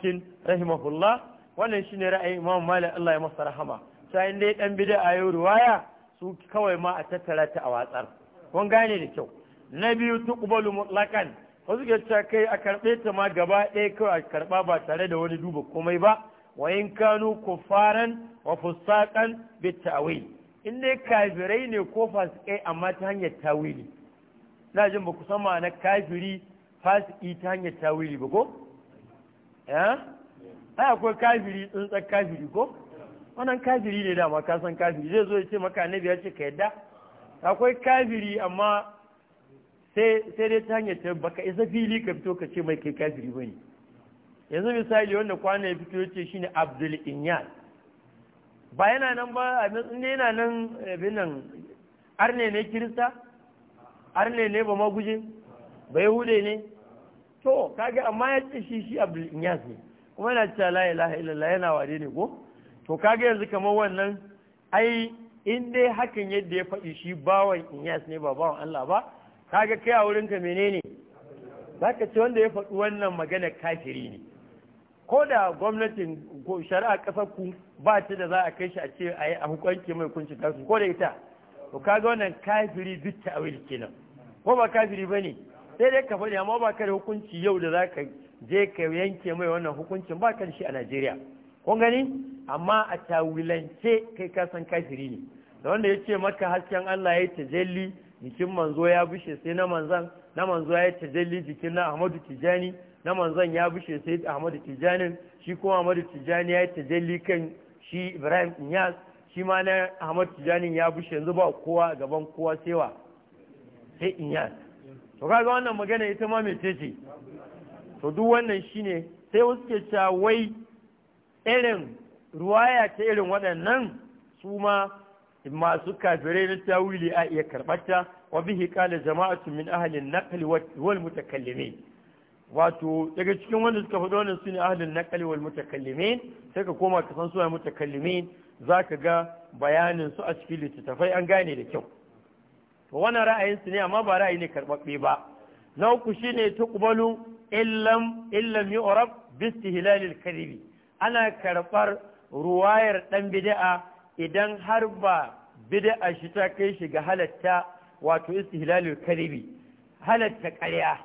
rahimahullah wannan shine ra'ayin imam malik Allah ya masa rahama sai dai ɗan bida'a yau ruwaya su kawai ma a tattara ta a watsar kun gane da kyau na biyu tuqbalu mutlaqan wasu ke kai a karɓe ta ma gaba ɗaya kawai a karɓa ba tare da wani duba komai ba wa in kanu kuffaran wa fusaqan bitawil in dai kafirai ne ko fasikai amma ta hanyar tawili na jin ba ku san ma'anar kafiri fasiki ta hanyar tawili ba ko eh ai akwai kafiri tsuntsar kafiri ko wannan kafiri ne dama ka san kafiri zai zo ya ce maka annabi ya ce ka yadda akwai kafiri amma sai dai ta hanyar ta baka isa fili ka fito ka ce mai kai kafiri bane yanzu misali wanda kwana ya fito ce shi ne abdul inyal ba yana nan ba da yana nan abin nan arne ne kirista arne ne ba maguje ba yahude ne to kaga amma ya ce shi shi abdul inyar ne kuma yana cewa la ilaha illallah yana wade ne ko to kaga yanzu kamar wannan ai in dai hakan yadda ya faɗi shi bawan inyas ne ba bawan Allah ba kage kai a wurinka menene zaka ce wanda ya faɗi wannan magana kafiri ne ko da gwamnatin shari'a kasar ku ba ta da za a kai shi a ce a yi a hukunci mai kunci kansu ko da ita to ga wannan kafiri duk ta'awil kenan ko ba kafiri ne sai dai ka faɗi amma ba ka da hukunci yau da za ka je ka yanke mai wannan hukuncin ba ka da shi a Najeriya ko gani amma a tawilance kai ka san kafiri ne da wanda ya ce maka hasken Allah ya yi tajalli jikin manzo ya bushe sai na manzan na manzo ya yi tajalli jikin na Ahmadu Tijani na manzon ya bushe sai ahmadu tijani shi kuma ahmadu tijani ya yi tajalli kan shi ibrahim inyas shi ma na ahmadu tijani ya bushe yanzu ba kowa gaban kowa sewa sai inyas to kaga wannan magana ita ma mai ce to duk wannan shine sai wasu ke wai irin ruwaya ta irin waɗannan su ma masu kafirai na tawili a iya karbata wa bihi kala jama'atu min ahalin naqli wal mutakallimi wato daga cikin wanda suka faɗo wannan sune ahlul ahalin wal mutakallimin sai ka koma ka san suwaye mutakallimin za ga bayanin su a cikin littattafai an gane da kyau to wannan ra'ayin su ne amma ba ra'ayi ne karɓaɓɓe ba na uku shine tuqbalu illam illam yu'rab bi istihlalil kadhibi ana karɓar ruwayar dan bid'a idan har ba bid'a shi ta kai shi ga halatta wato istihlalil kadhibi halatta ƙarya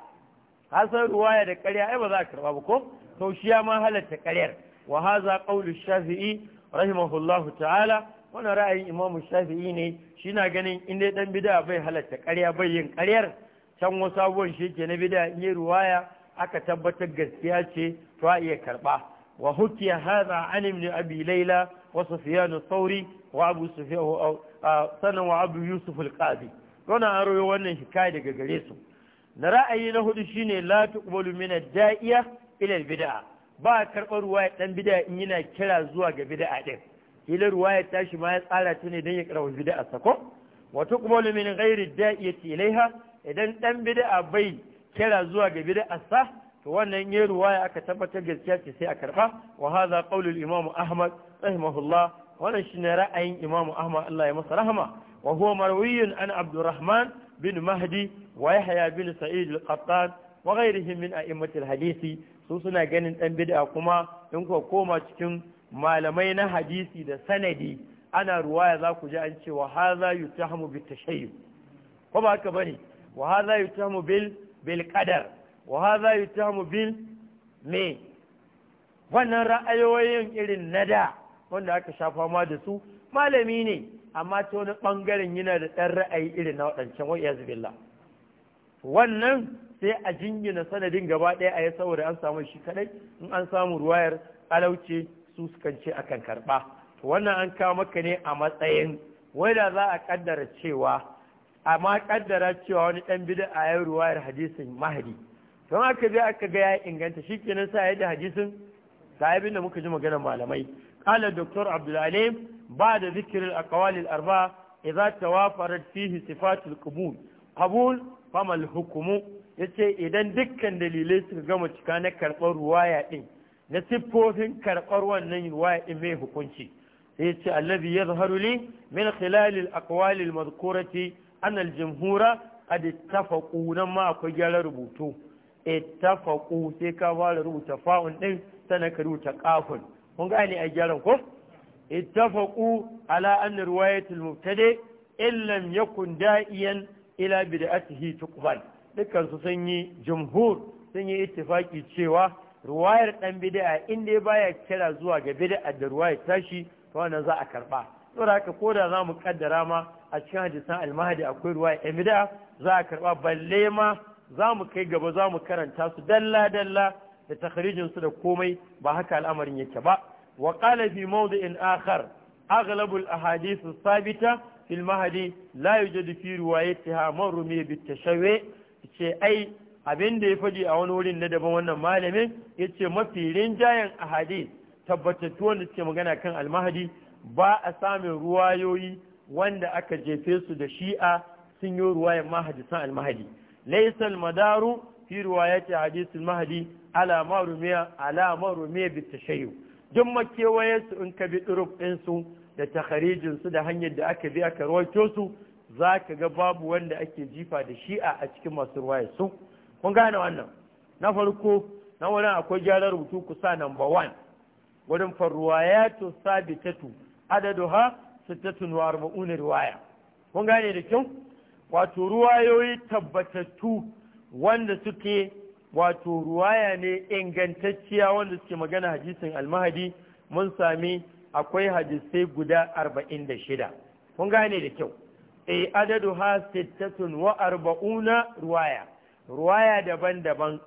hasan ruwaya da ƙarya ai ba za a karba ba ko to shi ya ma halatta ƙaryar wa haza qawlu shafi'i rahimahullahu ta'ala wannan ra'ayin imamu shafi'i ne shi na ganin in dai dan bid'a bai halatta ƙarya bai yin ƙaryar can wasu abubuwan shi ke na bid'a in yi ruwaya aka tabbatar gaskiya ce to a iya karba wa hukiya hadha an ibn abi layla wa sufyan thawri wa abu sufyan sanan wa abu yusuf al-qadi wannan an wannan hikaya daga gare su na ra'ayi na hudu shine la tuqbalu min ad-da'iya ila al-bid'a ba karɓar ruwaya dan bid'a in yana kira zuwa ga bid'a din kila ruwaya shi ma ya tsara ta ne dan ya karɓa bid'a sa ko wa tuqbalu min ghairi ad-da'iyati ilaiha idan dan bid'a bai kira zuwa ga bid'a sa to wannan yayin ruwaya aka tabbatar gaskiya ce sai a karɓa wa hadha qawlu al-imam ahmad rahimahullah wannan shine ra'ayin imam ahmad Allah ya masa rahama wa huwa marwiyun an abdurrahman bin mahdi wa yahya bin sa'id al-qattan wa ghairihim min a'immatil hadisi su suna ganin dan bid'a kuma in ko koma cikin malamai na hadisi da sanadi ana ruwaya za ku ji an ce wa hadha yutahamu bit tashayyub ko ba haka bane wa hadha yutahamu bil bil qadar wa hadha yutahamu bil me wannan ra'ayoyin irin nada wanda aka shafa ma da su malami ne amma ta wani ɓangaren yana da ɗan ra'ayi irin na waɗancan wa iyazu wannan sai a jingina sanadin gaba ɗaya a ya saboda an samu shi kaɗai in an samu ruwayar alauce su sukan a akan karɓa wannan an kawo maka ne a matsayin wai da za a ƙaddara cewa amma ƙaddara cewa wani ɗan bida a yau ruwayar hadisin mahadi don aka je aka gaya inganta shi kenan sa yadda hadisin ga abin da muka ji maganar malamai ƙalar doktor abdulalim بعد ذكر الأقوال الأربعة إذا توافرت فيه صفات القبول قبول فما الحكم yace idan dukkan dalilai suka gama cika na karɓar ruwaya ɗin na siffofin karɓar wannan ruwaya ɗin mai hukunci sai ce allazi yadhharu li min khilal al aqwal al madhkurati an al jumhura qad ittafaqu nan ma akwai gyara rubutu ittafaqu sai ka fara rubuta fa'un ɗin sannan ka rubuta qafun kun gane a gyaran ko اتفقوا على أن رواية المبتدئ إن لم يكن دائيا إلى بدعته تقبل dukkan su sun yi jumhur sun yi ittifaki cewa ruwayar ɗan bida'a in dai baya kira zuwa ga bid'a da ruwayar tashi to wannan za a karba saboda haka ko da za mu kaddara ma a cikin hadisan almahdi akwai ruwa dan bid'a za a karba balle ma za mu kai gaba za mu karanta su dalla dalla da takharijin su da komai ba haka al'amarin yake ba وقال في موضع آخر أغلب Sabita الثابتة في المهدي لا يوجد في روايتها من رمي بالتشوي أي abin da ya faɗi a wani wurin na daban wannan malamin ya ce mafi rinjayen ahadi tabbatattu wanda suke magana kan almahadi ba a samun ruwayoyi wanda aka jefe su da shi'a sun yi ruwayan mahadisan almahadi laisa almadaru fi riwayati hadisul mahadi ala marumiya ala marumiya bitashayyu duk makewayensu in ka bi ɗuruf ɗinsu da takharijinsu da hanyar da aka bi aka rawaito su za ka ga babu wanda ake jifa da shi'a a cikin masu ruwaya su kun gane wannan na farko na wurin akwai gyaran rubutu kusa number one wurin farruwayatu sabitatu adaduha sittatun wa arba'un riwaya kun gane da kyau wato ruwayoyi tabbatattu wanda suke wato ruwaya ne ingantacciya wanda suke magana hadisin almahadi mun sami akwai hadisai guda arba'in da shida kun gane da kyau Eh, adadu ha sittatun wa arba'una ruwaya ruwaya daban-daban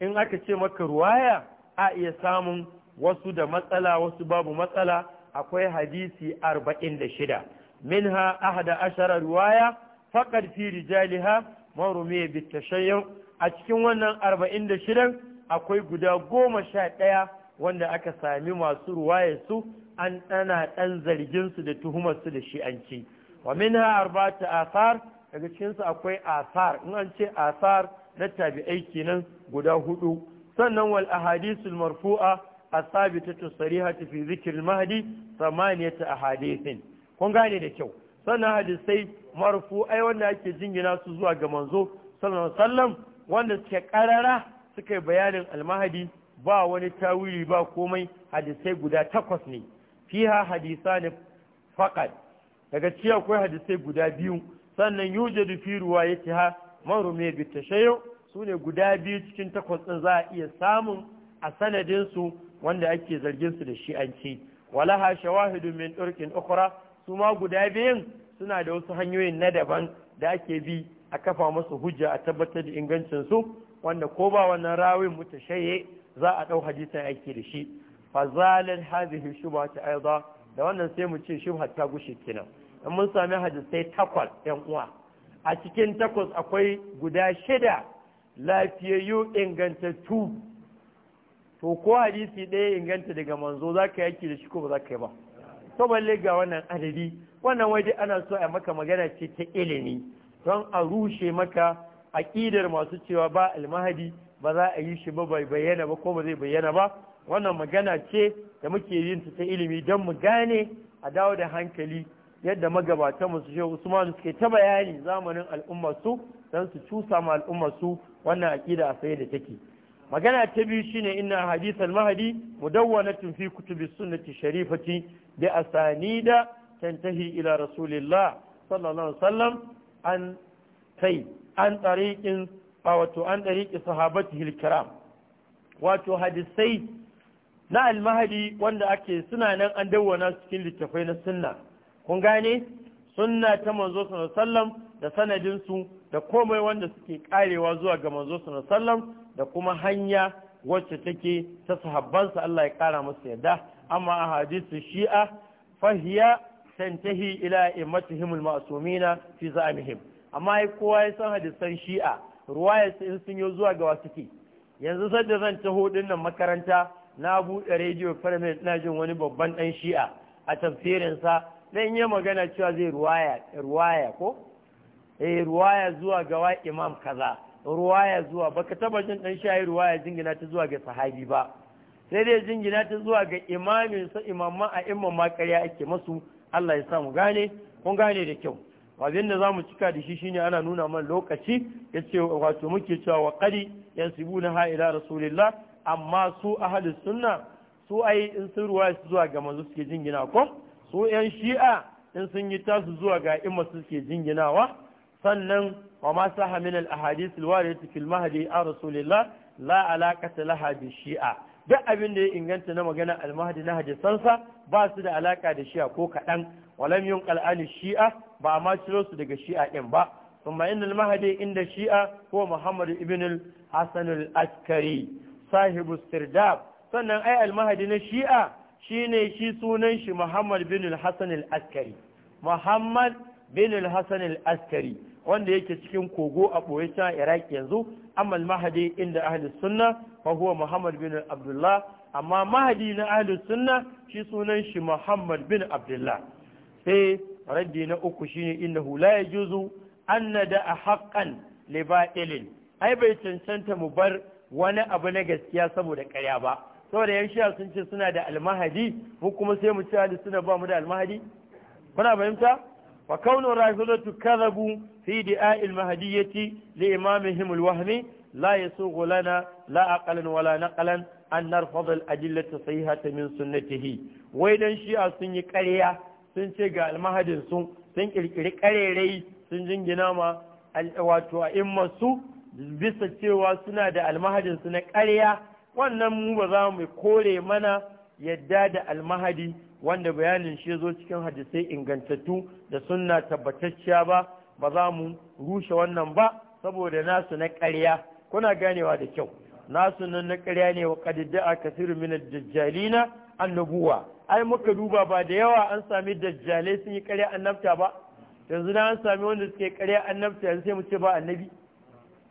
in aka ce maka ruwaya a iya samun wasu da matsala wasu babu matsala akwai hadisi arba'in da shida Min minha ahada ashara ruwaya faƙar fi rijaliha marumi bi tashayyu a cikin wannan arba'in da shidan akwai guda goma sha ɗaya wanda aka sami masu ruwaye su an ɗana ɗan zarginsu da tuhumarsu da shi'anci wa min ha ta asar daga cikinsu akwai asar in an ce asar na tabi'ai kenan guda hudu sannan wal ahadisul marfu'a asabitatu sarihatu fi zikril mahdi samaniyatu ahadithin kun gane da kyau sannan hadisai marfu'ai wanda ake jingina su zuwa ga manzo sallallahu alaihi wasallam wanda suke karara suka yi bayanin almahadi ba wani tawili ba komai hadisai guda takwas ne fiha hadisa ne faƙad daga ci akwai hadisai guda biyu sannan yujadu fi ruwayati ha marume bi su ne guda biyu cikin takwas ɗin za a iya samun a sanadinsu wanda ake zargin su da shi an shi'anci walaha shawahidu min ɗurkin ukhra su ma guda biyun suna da wasu hanyoyin na daban da ake bi a kafa masu hujja a tabbatar da ingancin su wanda ko ba wannan rawin shaye za a dau hadisin aiki da shi fa zalal hadhihi ta aida da wannan sai mu ce shubha ta gushe kenan in mun sami hadisai takwas yan uwa a cikin takwas akwai guda shida lafiyayyu ingantattu to ko hadisi ɗaya inganta daga manzo za ka yaki da shi ko ba za ka yi ba to balle ga wannan adadi wannan waje ana so a maka magana ce ta ilimi don a rushe maka aƙidar masu cewa ba almahadi ba za a yi shi ba bai bayyana ba ko ba zai bayyana ba wannan magana ce da muke yin ta ilimi don mu gane a dawo da hankali yadda magabatan mu su shehu usman suke ta bayani zamanin al'umma su don su cusa ma al'umma su wannan aƙida a sai da take magana ta biyu shine inna hadith al-mahdi mudawwanatun fi kutubi sunnati sharifati bi asanida tantahi ila rasulillah sallallahu alaihi wasallam an kai an wato an tsariƙi sahabat hilkiram wato hadisai na almahadi wanda ake suna nan an dawwana cikin littafai na sunna kun gane sunna ta manzo sallam da sanadinsu da komai wanda suke karewa zuwa ga manzo sallam da kuma hanya wacce take ta sahabbansa Allah ya kara musu yadda amma a hadisu shi'a fahiya tantahi ila imatihim al-ma'sumina fi za'mihim amma kowa ya san hadisan shi'a ruwaya in sun yo zuwa ga wasiki yanzu sadda zan taho dinnan makaranta na buɗe rediyo firmin ina jin wani babban ɗan shi'a a sa dan yi magana cewa zai ruwaya ruwaya ko eh ruwaya zuwa ga imam kaza ruwaya zuwa baka taba jin dan shi'a ruwaya jingina ta zuwa ga sahabi ba sai dai jingina ta zuwa ga imamin sa imamma a imman ma ƙarya ake masu Allah ya sa mu gane kun gane da kyau abin da za mu cika da shi shine ana nuna man lokaci ya ce wato muke cewa wa ƙari yan sibu na ha'ila rasulullah amma su ahli sunna su ai in sun ruwa su zuwa ga manzo suke jingina ko su yan shi'a in sun yi tasu zuwa ga imma suke jinginawa sannan wa ma saha min al ahadith al waridat fil a rasulullah la alakata laha bi shi'a duk abin da ya inganta na magana almahdi na hadisansa ba su da alaka da shi'a ko kaɗan walam yun qal'ani shi'a ba ma ciro su daga shi'a ɗin ba kuma innal mahdi inda shi'a ko Muhammadu ibn al-hasan al-askari sahibu sirdab sannan ai almahdi na shi'a shine shi sunan shi muhammad bin hasan al-askari muhammad bin hasan al-askari wanda yake cikin kogo a ɓoye ta iraki yanzu amal mahadi inda ahli sunna fa huwa muhammad bin abdullah amma mahadi na ahli sunna shi sunan shi muhammad bin abdullah sai raddi na uku shine innahu la yajuzu an nada haqqan li batilin ai bai cancanta mu bar wani abu na gaskiya saboda ƙarya ba saboda yan shi'a sun ce suna da almahadi mu kuma sai mu ci ahli sunna ba mu da almahadi kuna fahimta wa kaunu rafidatu kadhabu fi di'a al-mahdiyyati li imamihim al-wahmi la yasughu lana la aqlan wala naqlan an narfada al-adillata sahihata min sunnatihi wai dan shi'a sun yi ƙarya sun ce ga almahadin sun sun kirkiri sun jingina ma wato a su bisa cewa suna da almahadinsu na ƙarya wannan mu ba za mu kore mana yadda da almahadi wanda bayanin shi zo cikin hadisai ingantattu da sunna tabbatacciya ba ba za mu rushe wannan ba saboda nasu na ƙarya kuna ganewa da kyau nasu nan na ƙarya ne wa kadidda a kasiru min dajjalina annabuwa ai muka duba ba da yawa an sami dajjalai sun yi ƙarya annabta ba yanzu na an sami wanda suke ƙarya annabta yanzu sai mu ce ba annabi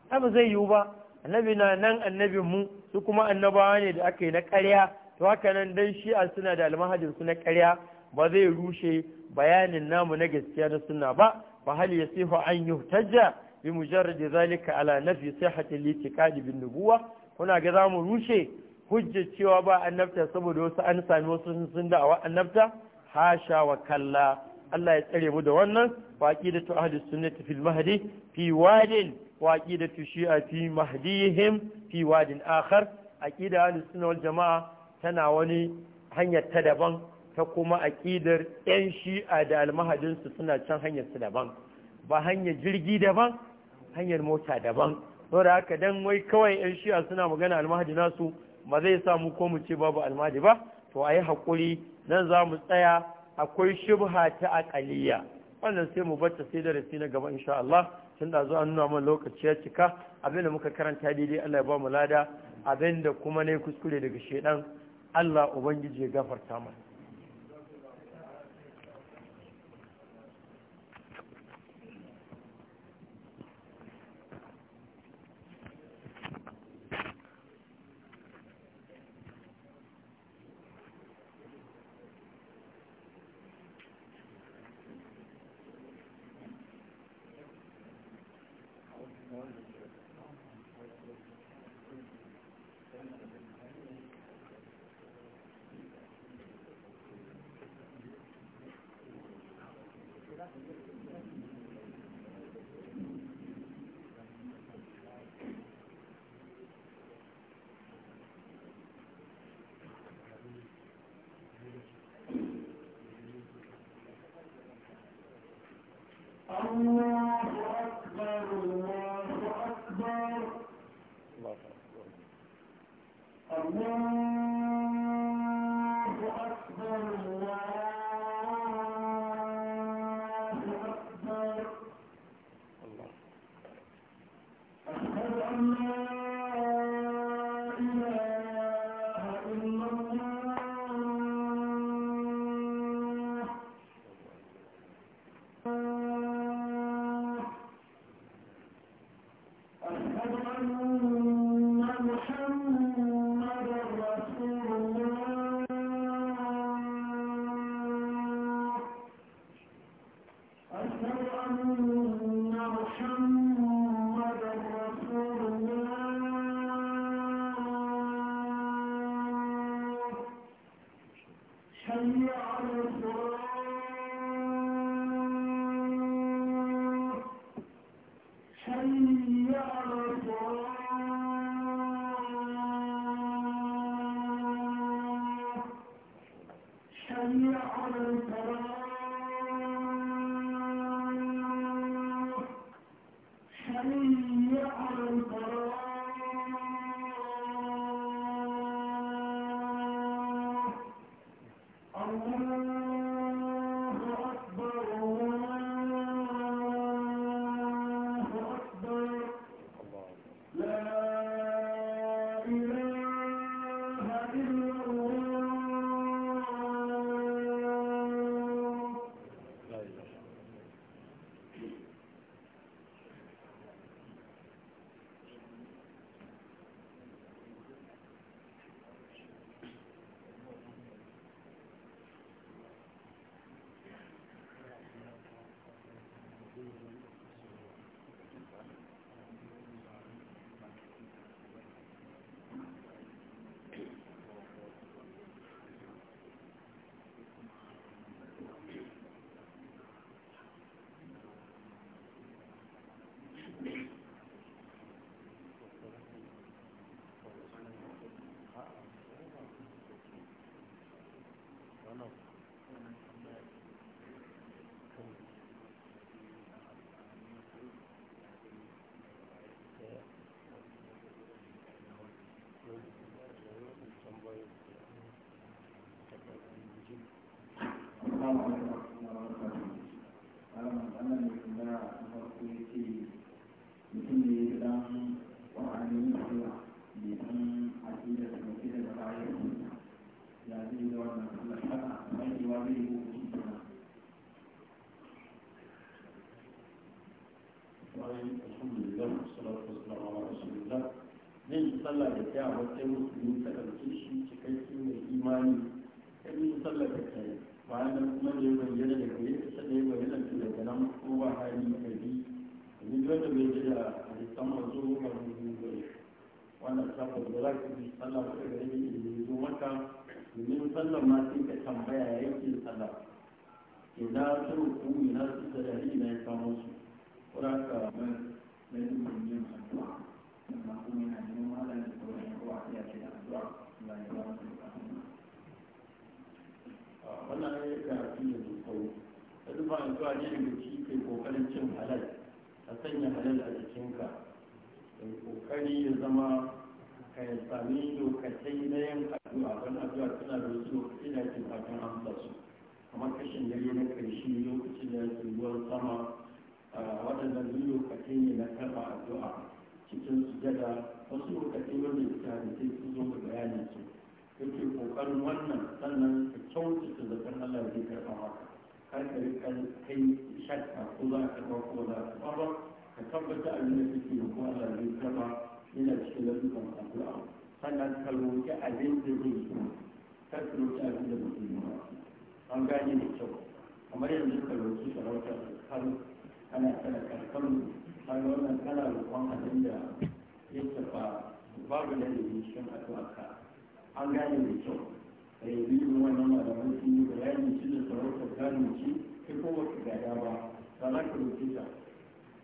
ai ba zai yiwu ba annabi na nan annabin mu su kuma annabawa ne da aka yi na ƙarya to haka nan dai shi'a suna da almahadin su na ƙarya ba zai rushe bayanin namu na gaskiya na sunna ba fa hal yasihu an yuhtajja bi mujarrad zalika ala nafi sihhati al bin nubuwa kuna ga zamu rushe hujjar cewa ba annabta saboda wasu an sami wasu sun da'awa annabta hasha wa kalla Allah ya tsare mu da wannan wa da ahli sunnati fil mahdi fi wadin tu aqidatu shi'a fi mahdihim fi wadin akhar aqida ahli sunna wal jamaa tana wani hanyar ta daban ta kuma aƙidar 'yan shi'a da almahadinsu suna can hanyar su daban ba hanyar jirgi daban hanyar mota daban saboda haka dan wai kawai 'yan shi'a suna magana almahadi nasu ba zai mu ko mu ce babu almahadi ba to a yi haƙuri nan za mu tsaya akwai shubha ta aƙaliya wannan sai mu bata sai da rasi na gaba insha Allah tun da an nuna mana lokaci ya cika abinda muka karanta daidai Allah ya ba mu lada abinda kuma ne kuskure daga shedan Allah Ubangiji ya gafarta mana أَمَّا matsayin musulmi ka ɗauke shi cikakke mai imani ka bi su sallar da ta bayan nan kuma ne bayyana da gare ta sannan bayyana ta daga nan ko ba hali ka bi domin wanda bai ji da halittan mazo ba mu yi wannan safa da za ka bi sallah ko da gare ne ne zo maka domin sallar ma sai ka tambaya yake sallah ina sun ku ina su da ina ya kamo su. Kuraka mai mai yin wannan ya karatu ne da tsawo da duba an zuwa ne daga ciki kai kokarin cin halal a sanya halal a jikinka da kokari ya zama ka ya sami lokacin na yin addu'a wani addu'a tana da wasu lokaci da ake fatan amsa su kamar kashin dare na karshe lokacin da ake ruwan sama waɗannan lokacin ne na karɓa addu'a cikin sujada wasu lokacin yau da ta da sai sun zo da bayanin su kake kokarin wannan sannan ka kyautata zaton Allah zai karɓa maka kar ka rika kai shakka ko za ka karɓa ko za ka karɓa ka tabbata a da kake da kuma Allah zai karɓa yana cikin lallukan addu'a sannan ka roƙi abin da zai so kar ka roƙi abin da mutum ba an gane da kyau kamar yanzu ka roƙi sarauta kar ana kana karɓar mu har wannan kana roƙon abin da yadda ba babu da yake cikin addu'a an gane da kyau a yanzu yin wannan malaman sun yi bayani shi da sarautar gane shi ta ko wata gada ba ba za ka rubuce ta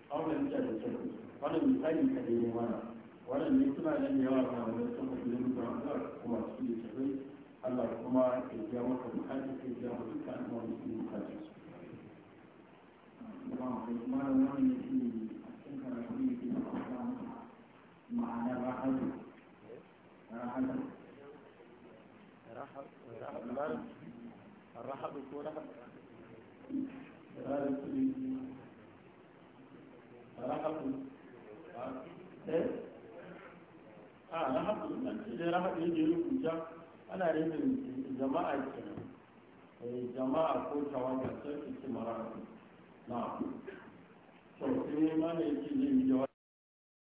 auren ta da kyau wannan misali ka dai mana wannan ne suna nan yawa ba wani sun faɗi da mutum Allah kuma su da tafai Allah kuma ya ja maka bukatu ka ja maka dukkan wani sun bukatu. Ba, kuma wannan ne shi معنى رحل رحل رحل رحل الرحل يكون رحل رحل a rahab nan ce da rahab ya je rubuta ana nufin jama'a kenan jama'a ko tawaga sai ce mara'a na to sai ma ne yake zai yi